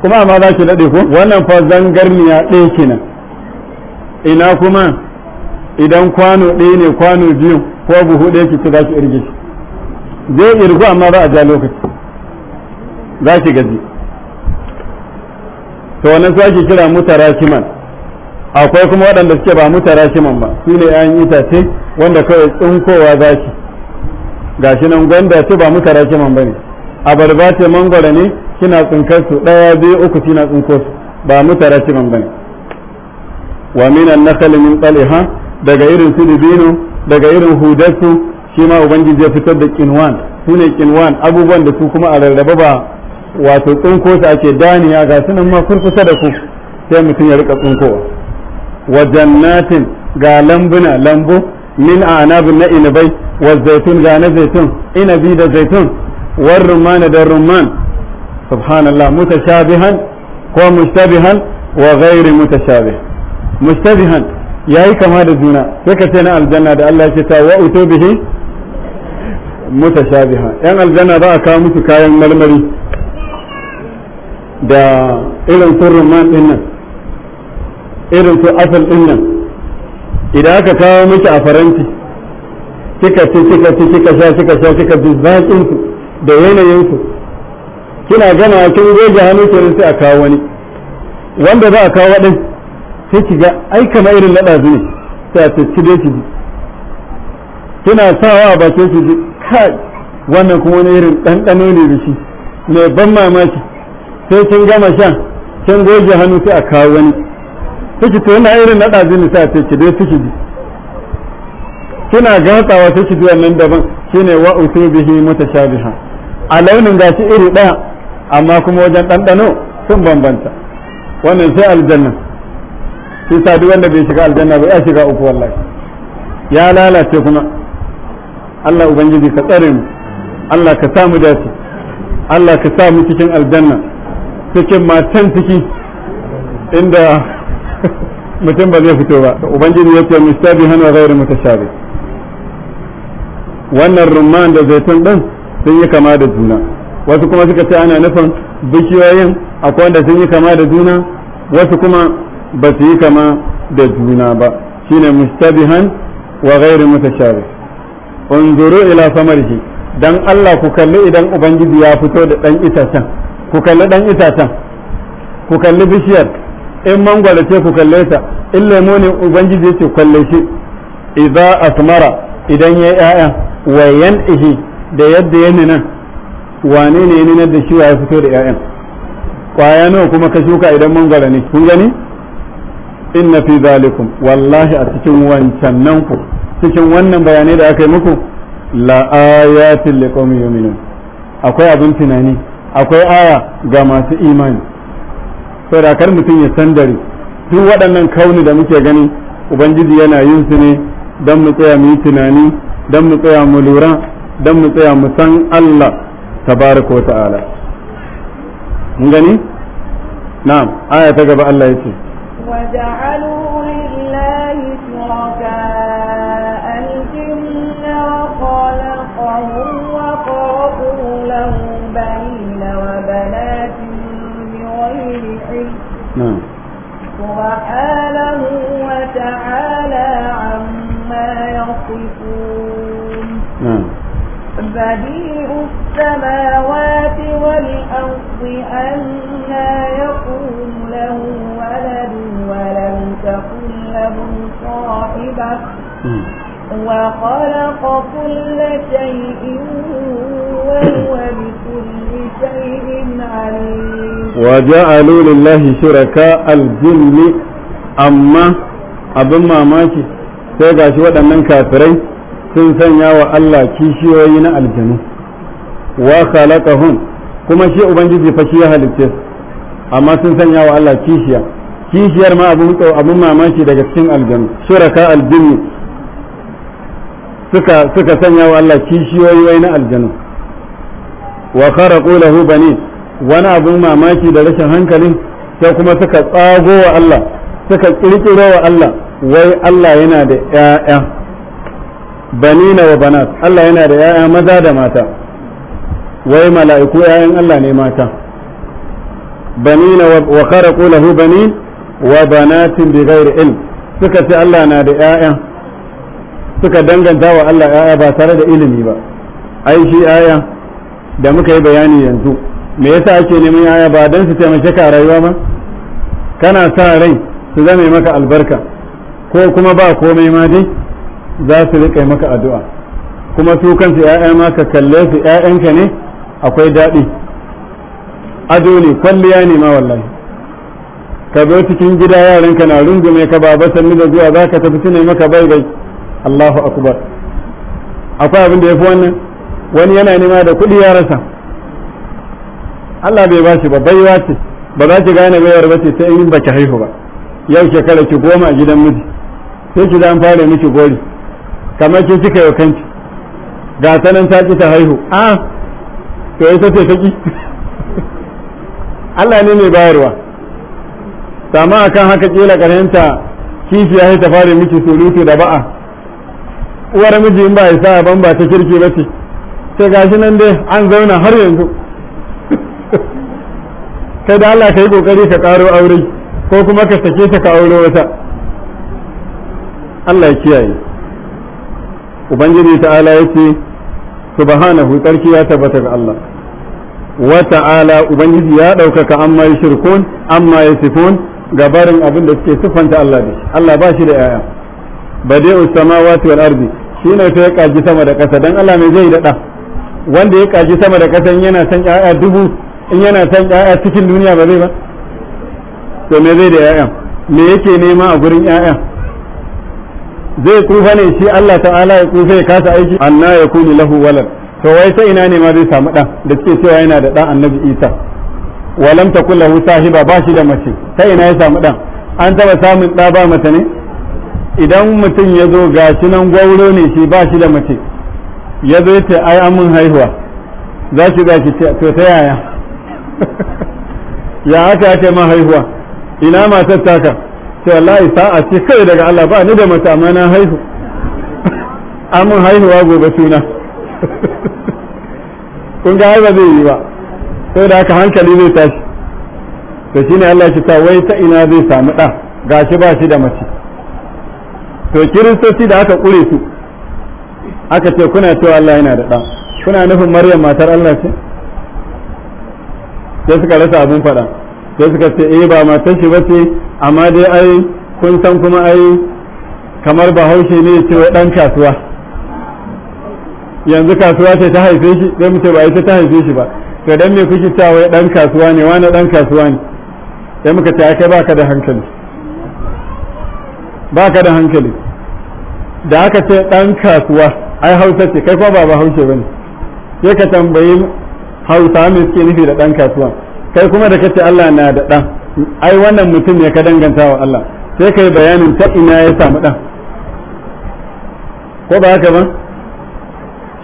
kuma amma za ki daɗe ko wannan fa zangarniya ɗaya kenan ina kuma idan kwano ɗaya ne kwano biyu ko buhu da yake ci za ki irge shi zai irgu amma ba a ja lokaci za ki gaji to wannan su ake kira mutarakiman akwai kuma waɗanda suke ba mutarakiman ba su ne an itace wanda kawai tsinkowa za ga gashi nan gwanda su ba mutarakiman ba ne abarba ce mangwara ne kina tsinkar su ɗaya biyu uku kina tsinko su ba mutarakiman ba ne wa minan nakali min tsaliha daga irin su dibino daga irin hudarsu shi ma ubangiji ya fitar da kinwan su ne kinwan abubuwan da su kuma a rarraba ba wato tsinko su ake daniya ga sunan ma kusa da ku sai mutum ya rika tsinkowa wa jannatin ga lambuna lambu min anabin na inabai wa zaitun ga na zaitun inabi da zaitun war rumman da rumman subhanallah mutashabihan ko mushtabihan wa ghairi mutashabih mushtabihan Ya yi kama da juna sai ka ce na aljanna da Allah ya ce ta wa uto bihi mutashabiha yan aljanna za a kawo musu kayan marmari da irin su rumman din nan irin su asal din nan idan aka kawo miki a faranti kika ci kika ci kika sha kika sha kika ji zaƙin su da yanayin su kina gana kin goge hannu sai a kawo wani wanda za a kawo din sai ki ga ai kamar irin na ɗazu ne ta a ci dai ki tana sawa a bakin ki ji kai wannan kuma wani irin ɗanɗano ne da shi mai ban mamaki sai kin gama shan kin goge hannu sai a kawo wani sai ki to wannan irin na ɗazu ne sai a ci dai ki ji kina gatsawa sai ki ji wannan daban shine wa utubihi mutashabiha a launin gashi iri ɗaya amma kuma wajen ɗanɗano sun bambanta wannan sai aljanna Sai sa wanda bai shiga aljanna ba ya shiga uku wallahi ya lalace kuma Allah ubangiji ka tsare mu Allah ka samu dace Allah ka samu cikin aljanna cikin matan ciki inda [LAUGHS] mutum ba zai fito ba ubangiji yake mustabi wa ghairu mutashabi wannan rumman da zaitun din sun yi kama da juna wasu kuma suka ce ana nufin bishiyoyin akwai wanda sun yi kama da juna wasu kuma ba su yi kama da juna ba shine mustabihan wa ghairi mutashabih unzuru ila samarihi dan Allah ku kalli idan ubangiji ya fito da dan itacen ku kalli dan itacen ku kalli bishiyar in mangwara ce ku kalle ta in lemo ne ubangiji ce kalle shi idza asmara idan ya ya'ya wa yan'ihi da yadda ya nina wane ne ya da shi ya fito da ya'yan kwaya nawa kuma ka shuka idan mangwara ne kun gani inna fi zalikum wallahi a cikin wancan nan ku cikin wannan bayanai da aka yi muku la ayatin liqawmin yu'minun akwai abin tunani akwai aya ga masu imani da kar mutum ya sandare duk waɗannan kauni da muke gani ubangiji yana yin su ne don mu tsaya mu yi tunani don mu tsaya mu lura don mu tsaya mu san Allah tabaraka wa ta'ala mun gani na'am aya ta gaba Allah ya وجعلوا لله شركاء الجن وخلقهم وخرقوا له بنين وبنات بغير علم نعم. سبحانه وتعالى عما يصفون نعم. بديع السماوات والأرض أنا يقوم له صاحبه وخلق كل شيء وهو بكل شيء عليم وجعلوا لله شركاء الجن أما abin mamaki sai gashi waɗannan kafirai sun sanya wa Allah kishiyoyi na aljanu wa khalaqahum kuma shi ubangiji fa shi ya halicce amma sun sanya wa Allah kishiya kishiyar ma abun abun mamaki daga cikin aljanu shuraka aljinnu suka suka sanya wa Allah kishiyoyi wai na aljanu wa kharaqu lahu bani wani abun mamaki da rashin hankalin sai kuma suka tsago wa Allah suka kirkiro wa Allah wai Allah yana da ƴaƴa banina wa banat Allah yana da ƴaƴa maza da mata wai mala'iku ƴaƴan Allah ne mata banina wa kharaqu lahu banin wa banatin bi ghairi ilm suka ce Allah na da ƴaƴa suka danganta wa Allah ƴaƴa ba tare da ilimi ba ai shi ƴaƴa da muka yi bayani yanzu me yasa ake neman ƴaƴa ba dan su taimake ka rayuwa ma. kana sa rai su zame maka albarka ko kuma ba komai ma dai za su riƙe maka addu'a kuma su kansu ƴaƴa ma ka kalle su ƴaƴanka ne akwai daɗi ado ne kwalliya ne ma wallahi ka zo cikin gida yaranka na rungume ka baba sannu da zuwa zaka tafi tune maka bai bai Allahu akbar akwai abin da yafi wannan wani yana nema da kuɗi ya rasa Allah bai bashi ba baiwa ce ba za ki gane baiwar ba ce sai in baki haihu ba yau shekara ki goma a gidan miji sai ki dan fara miki gori kamar ki kika yau kanki ga sanan ta ki ta haihu a ah! to yasa ce ta ki [LAUGHS] Allah ne mai bayarwa sama kan haka kila karenta kishi ya haita fari miki surutu da ba'a uwar miji in ba ya sa ban ba ta kirki ba ce sai gashi nan dai an zauna har yanzu [LAUGHS] kai da Allah ka yi kokari ka karo aure ko kuma ka sake ta ka aure wata Allah ya kiyaye ubangiji ta'ala yace subhanahu tarki ya tabbata ga Allah wa ta'ala ubangiji ya ɗaukaka amma yashirkun amma yasifun gabarin abin da suke siffanta Allah da Allah ba shi da yaya badi'us samawati wal ardi shine ta ya kaji sama da ƙasa dan Allah mai zai daɗa wanda ya kaji sama da ƙasa yana san yaya dubu in yana san yaya cikin duniya ba zai ba to me zai da yaya me yake nema a gurin yaya zai kufa ne shi Allah ta'ala ya kufa ya kasa aiki anna yakunu lahu walad to wai sai ina ne ma zai samu ɗa da suke cewa yana da ɗa annabi Isa walam takun lahu sahiba ba shi da mace ta ina ya samu dan an taba samun da ba mace ne idan mutum ya zo ga shi nan gwauro ne shi ba shi da mace ya zo ce ai an mun haihuwa za shi ga shi to ta yaya [LAUGHS] ya aka ce ma haihuwa ina matar taka ce wallahi sa'a ce kai daga Allah ba ni da mace amma na haihu [LAUGHS] an mun haihuwa gobe suna [LAUGHS] kun ga ba zai yi ba sai da haka hankali zai tashi to shine Allah shi ta wai ta ina zai samu ɗa gashi ba shi da mace to kiristoci da aka ƙure su aka ce kuna cewa Allah yana da ɗa kuna nufin maryam matar Allah ce sai suka rasa abin faɗa sai suka ce eh ba matar shi ba ce amma dai ai kun san kuma ai kamar bahaushe ne ce wai ɗan kasuwa yanzu kasuwa ce ta haife shi sai mu ce ba ita ta haife shi ba ga dan me kuke cewa wai dan kasuwa ne wani dan kasuwa ne sai muka ce kai baka da hankali baka da hankali da aka ce dan kasuwa ai hausa ce kai kuma ba ba hausa bane sai ka tambayi hausa me suke nufi da dan kasuwa kai kuma da kace Allah na da dan ai wannan mutum ne ka danganta wa Allah sai kai bayanin ta ina ya samu dan ko ba haka ba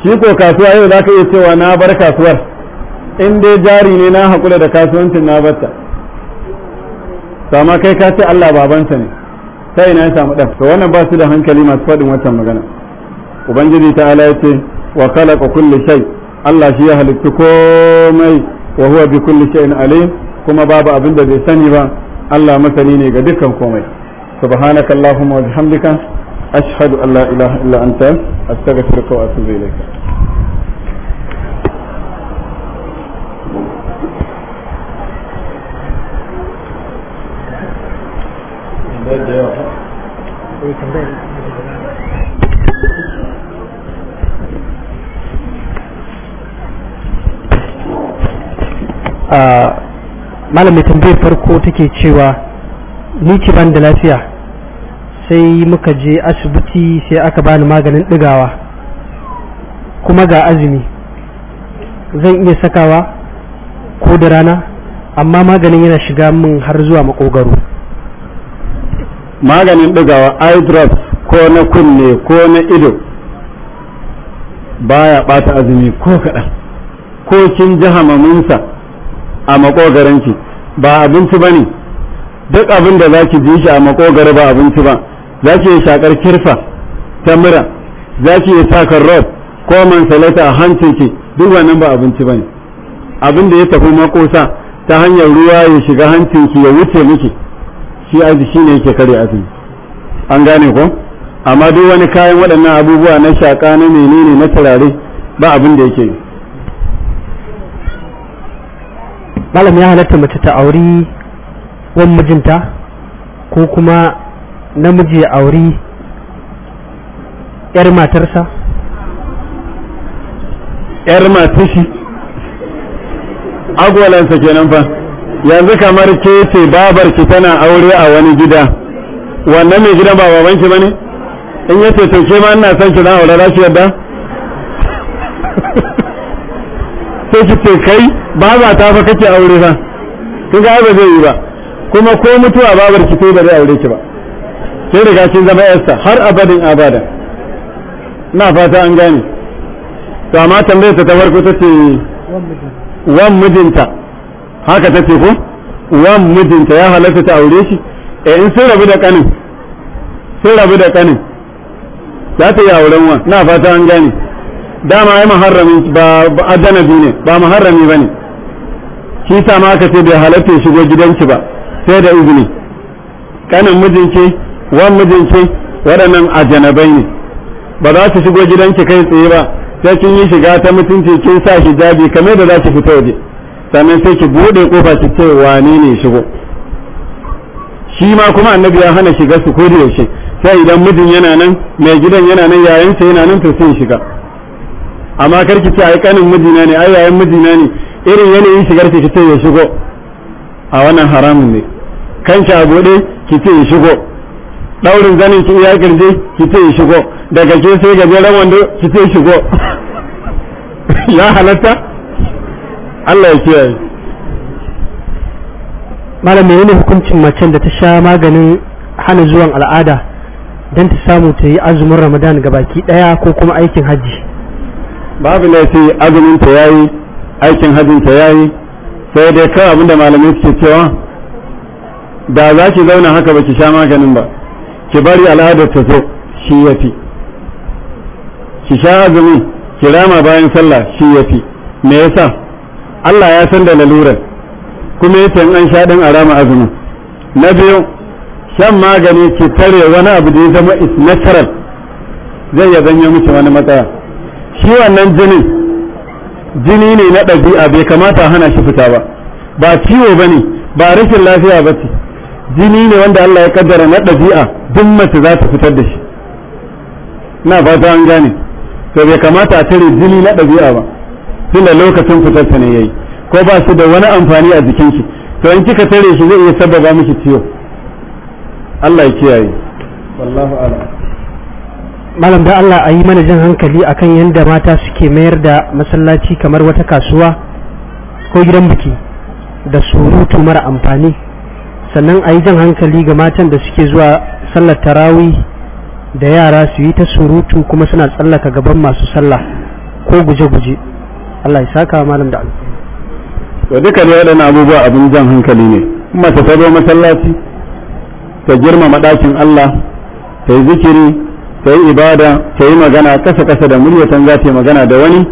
shi ko kasuwa yau zaka iya cewa na bar kasuwar in dai jari ne na hakura da kasuwancin na batta sama kai ka ce Allah babansa ne ta ina ya samu ɗan to wannan ba su da hankali masu faɗin wancan magana ubangiji ta ala ya ce wa khalaqa kulli shay Allah shi ya halitta komai wa huwa bi kulli shay'in alim kuma babu abin da bai sani ba Allah masani ne ga dukkan komai subhanakallahumma wa bihamdika ashhadu an la ilaha illa anta astaghfiruka wa atubu Eh, tambayar da yawa ah, tambayar farko take cewa ni ce ban da lafiya sai muka je asibiti sai aka bani maganin ɗigawa kuma ga azumi zan iya sakawa ko da rana amma maganin yana shiga min har zuwa makogaro maganin ɗigawa eye drop ko na kunne ko na ido baya ɓata azumi ko kaɗan ko kin ji hamaminsa a ki ba abinci ba ne duk abin da za ki ji shi a makogara ba abinci ba za ki yi shakar kirfa ta mura za ki yi sakar rob ko mansalata a hancinki duk wannan ba abinci ba ne abin da ya tafi makosa ta hanyar ruwa ya shiga hancinki ya wuce miki shi shi ne yake kare azumi an gane ko amma duk wani kayan waɗannan abubuwa na shaƙa na menene na turare ba abin da yake malam ya halatta mace ta auri wan mijinta ko kuma namiji ya auri yar matarsa yar matashi agwalansa kenan fa yanzu kamar ke ce babar ki tana aure a wani gida wannan mai gidan ba baban ki bane in ya ce ke ma ina son ki na aure za ki yadda [LAUGHS] sai ki ce kai baba ta fa kake aure ba kin ga ba zai yi ba kuma ko mutuwa babar ki sai ba zai aure ki ba sai riga kin zama yarsa har abadin abada na fata an gane to amma tambayar ta farko tace wan mijinta haka ta ce ko uwan mijinta ya halatta ta aure shi eh in sun rabu da kanin sun rabu da kanin za ta yi auren wa na fata an gane dama ai muharrami ba adana ne ba muharrami bane shi sa ma aka ce bai halatta shigo gidanki ba sai da izini kanin mijinki wan mijinki waɗannan ajanabai ne ba za su shigo gidanki kai tsaye ba sai kin yi shiga ta mutunci kin sa hijabi kamar da za ki fita waje sannan sai ki bude kofa ki ce wane ne shigo shi ma kuma annabi ya hana shiga su ko da sai idan mijin yana nan mai gidan yana nan yayansa yana nan to sai shiga amma kar ki ce ai kanin mijina ne ai yayin mijina ne irin yanayin shigar ki ce ya shigo a wannan haramun ne kanki a bude ki ce ya shigo daurin zanin ki ya kirje ki ce ya shigo daga ke sai gajeren wando ki ce shigo [LAUGHS] ya halatta Allah ya kiyaye malam ne hukuncin macen da ta sha maganin hana zuwan al'ada don ta samu ta yi azumin ramadan ga baki daya ko kuma aikin hajji babu laifi azumin ta yayi aikin hajin ta yayi sai dai kawai abinda malamai suke cewa da za ki zauna haka ba ki sha maganin ba ki bari al'adar ta zo shi ya fi ki sha azumi ki rama bayan sallah shi ya fi me yasa Allah ya san da lalurar kuma ya ce an sha ɗin a rama na biyu shan magani ke tare wani abu da ya zama is natural zai ya zanyo miki wani matsaya shi wannan jini jini ne na ɗabi'a bai kamata hana shi fita ba ba ciwo ba ne ba rashin lafiya ba ce jini ne wanda Allah ya kaddara na ɗabi'a duk mace za ta fitar da shi na fata an gane to bai kamata a tare jini na ɗabi'a ba tunda lokacin ta ne yayi ko ba su da wani amfani a su to in kika tare su zai iya sababa miki ciwo Allah ya kiyaye wallahu a'lam malam da Allah a yi mana jan hankali akan yadda mata suke mayar da masallaci kamar wata kasuwa ko gidan biki da surutu mara amfani sannan a yi jan hankali ga matan da suke zuwa sallar tarawi da yara su yi ta surutu kuma suna tsallaka gaban masu sallah ko guje-guje Allah ya saka malam da to duka ne waɗannan abubuwa abin jan hankali ne mace ta zo masallaci ta girmama ɗakin Allah ta yi zikiri ta yi ibada ta yi magana kasa kasa da murya tan za ta yi magana da wani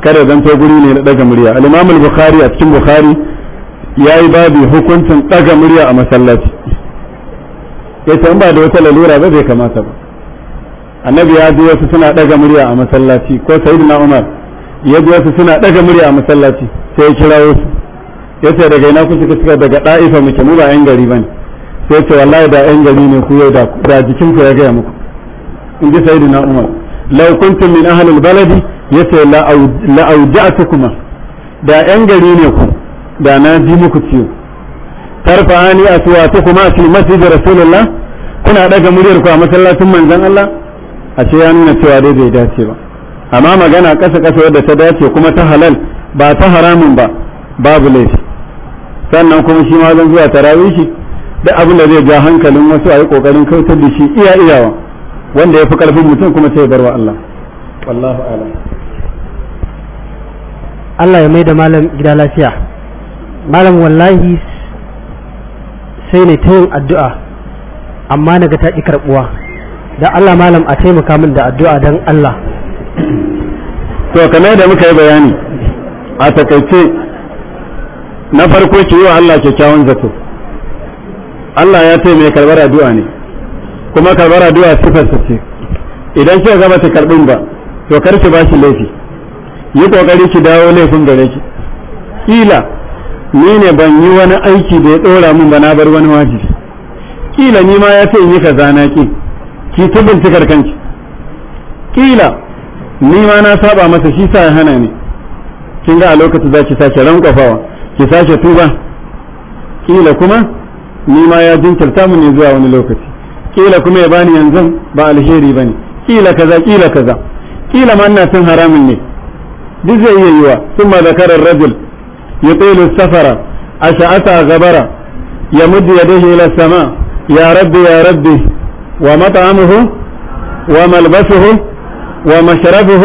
kada to guri ne na daga murya al-Imam al-Bukhari a cikin Bukhari yayi babu hukuncin daga murya a masallaci yace in ba da wata lalura ba zai kamata ba annabi ya ji wasu suna daga murya a masallaci ko sayyidina Umar ya ji wasu suna ɗaga murya a masallaci sai ya kirawo su ya ce daga ina kusa kusa daga ɗa'ifa muke mu ba yan gari ba ne sai ce wallahi da yan gari ne ku yau da jikin ku ya gaya muku in ji sayidu na umar lau kuntum min ahlul baladi ya ce a kuma da yan gari ne ku da na ji muku ciwo tarfa'ani aswatu kuma fi masjid rasulullah kuna ɗaga muryar ku a masallacin manzon Allah a ce ya nuna cewa dai bai dace ba amma magana ƙasa ƙasa wadda ta dace kuma ta halal ba ta haramun ba babu laifi sannan kuma shi ma zan zuwa tarawih shi da abin da zai ja hankalin wasu a yi ƙoƙarin kautar da shi iya iyawa wanda ya fi ƙarfin mutum kuma sai barwa Allah wallahu a'lam Allah ya mai da malam gida lafiya malam wallahi sai ne ta yin addu'a amma naga ta ƙi karɓuwa da Allah malam a taimaka min da addu'a don Allah to kamar da muka yi bayani a takaice na farko shi yiwa wa Allah kyakkyawan zato Allah ya ce mai karbar addu'a ne kuma karbar addu'a sifarsa ce idan kika gaba ta karbin ba to kar ki ba shi laifi yi kokari ki dawo laifin gare ki kila ni ne ban yi wani aiki da ya dora min ba na bar wani wajibi kila ni ma ya ce yi kaza na ki ki tubin bincikar kanki kila ni ma na saba masa shi sa ya hana ni kin ga a lokacin za ki sake rankwafawa ki sake tuba kila kuma ni ma ya jinkirta mu ne zuwa wani lokaci kila kuma ya bani yanzu ba alheri bane kila kaza kila kaza kila ma ina haramin ne duk zai iya yiwa sun ma zakarar rajul ya tsere safara a sha'ata gabara ya mudu ya dashi ila sama ya rabbi ya rabbi wa mat'amuhu wa malbasuhu ومشربه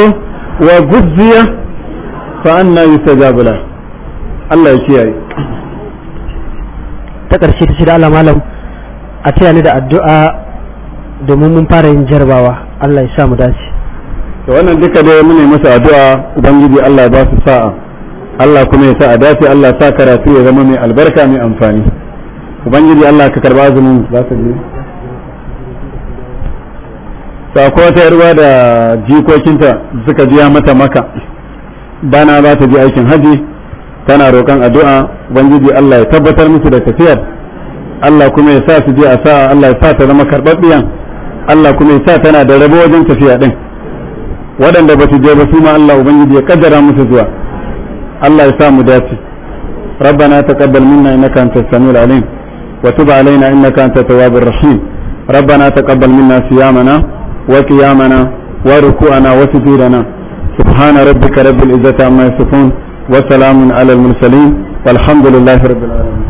وغذي فأنا يستجاب له الله يكيي تكرشي تشير على مالم أتيا ندى الدعاء domin mun fara yin jarbawa Allah ya sa mu dace to wannan duka dai mun yi masa addu'a ubangiji Allah ya ba su sa'a Allah kuma ya sa a dace Allah sa karatu ya zama mai albarka mai amfani ubangiji Allah ka karba azumin za ka je ta ko ta da jikokinta suka biya mata maka bana za ta bi aikin haji tana roƙon addu'a ubangiji Allah ya tabbatar musu da tafiyar Allah kuma ya sa su je a sa Allah ya sa ta zama karɓaɓɓiyan Allah kuma ya sa tana da rabo wajen tafiya din waɗanda ba su je ba su ma Allah ubangiji ya kaddara musu zuwa Allah ya sa mu dace ربنا تقبل منا انك انت السميع العليم وتب علينا انك انت التواب الرحيم ربنا تقبل منا صيامنا وقيامنا وركوعنا وسجودنا سبحان ربك رب العزة عما يصفون وسلام على المرسلين والحمد لله رب العالمين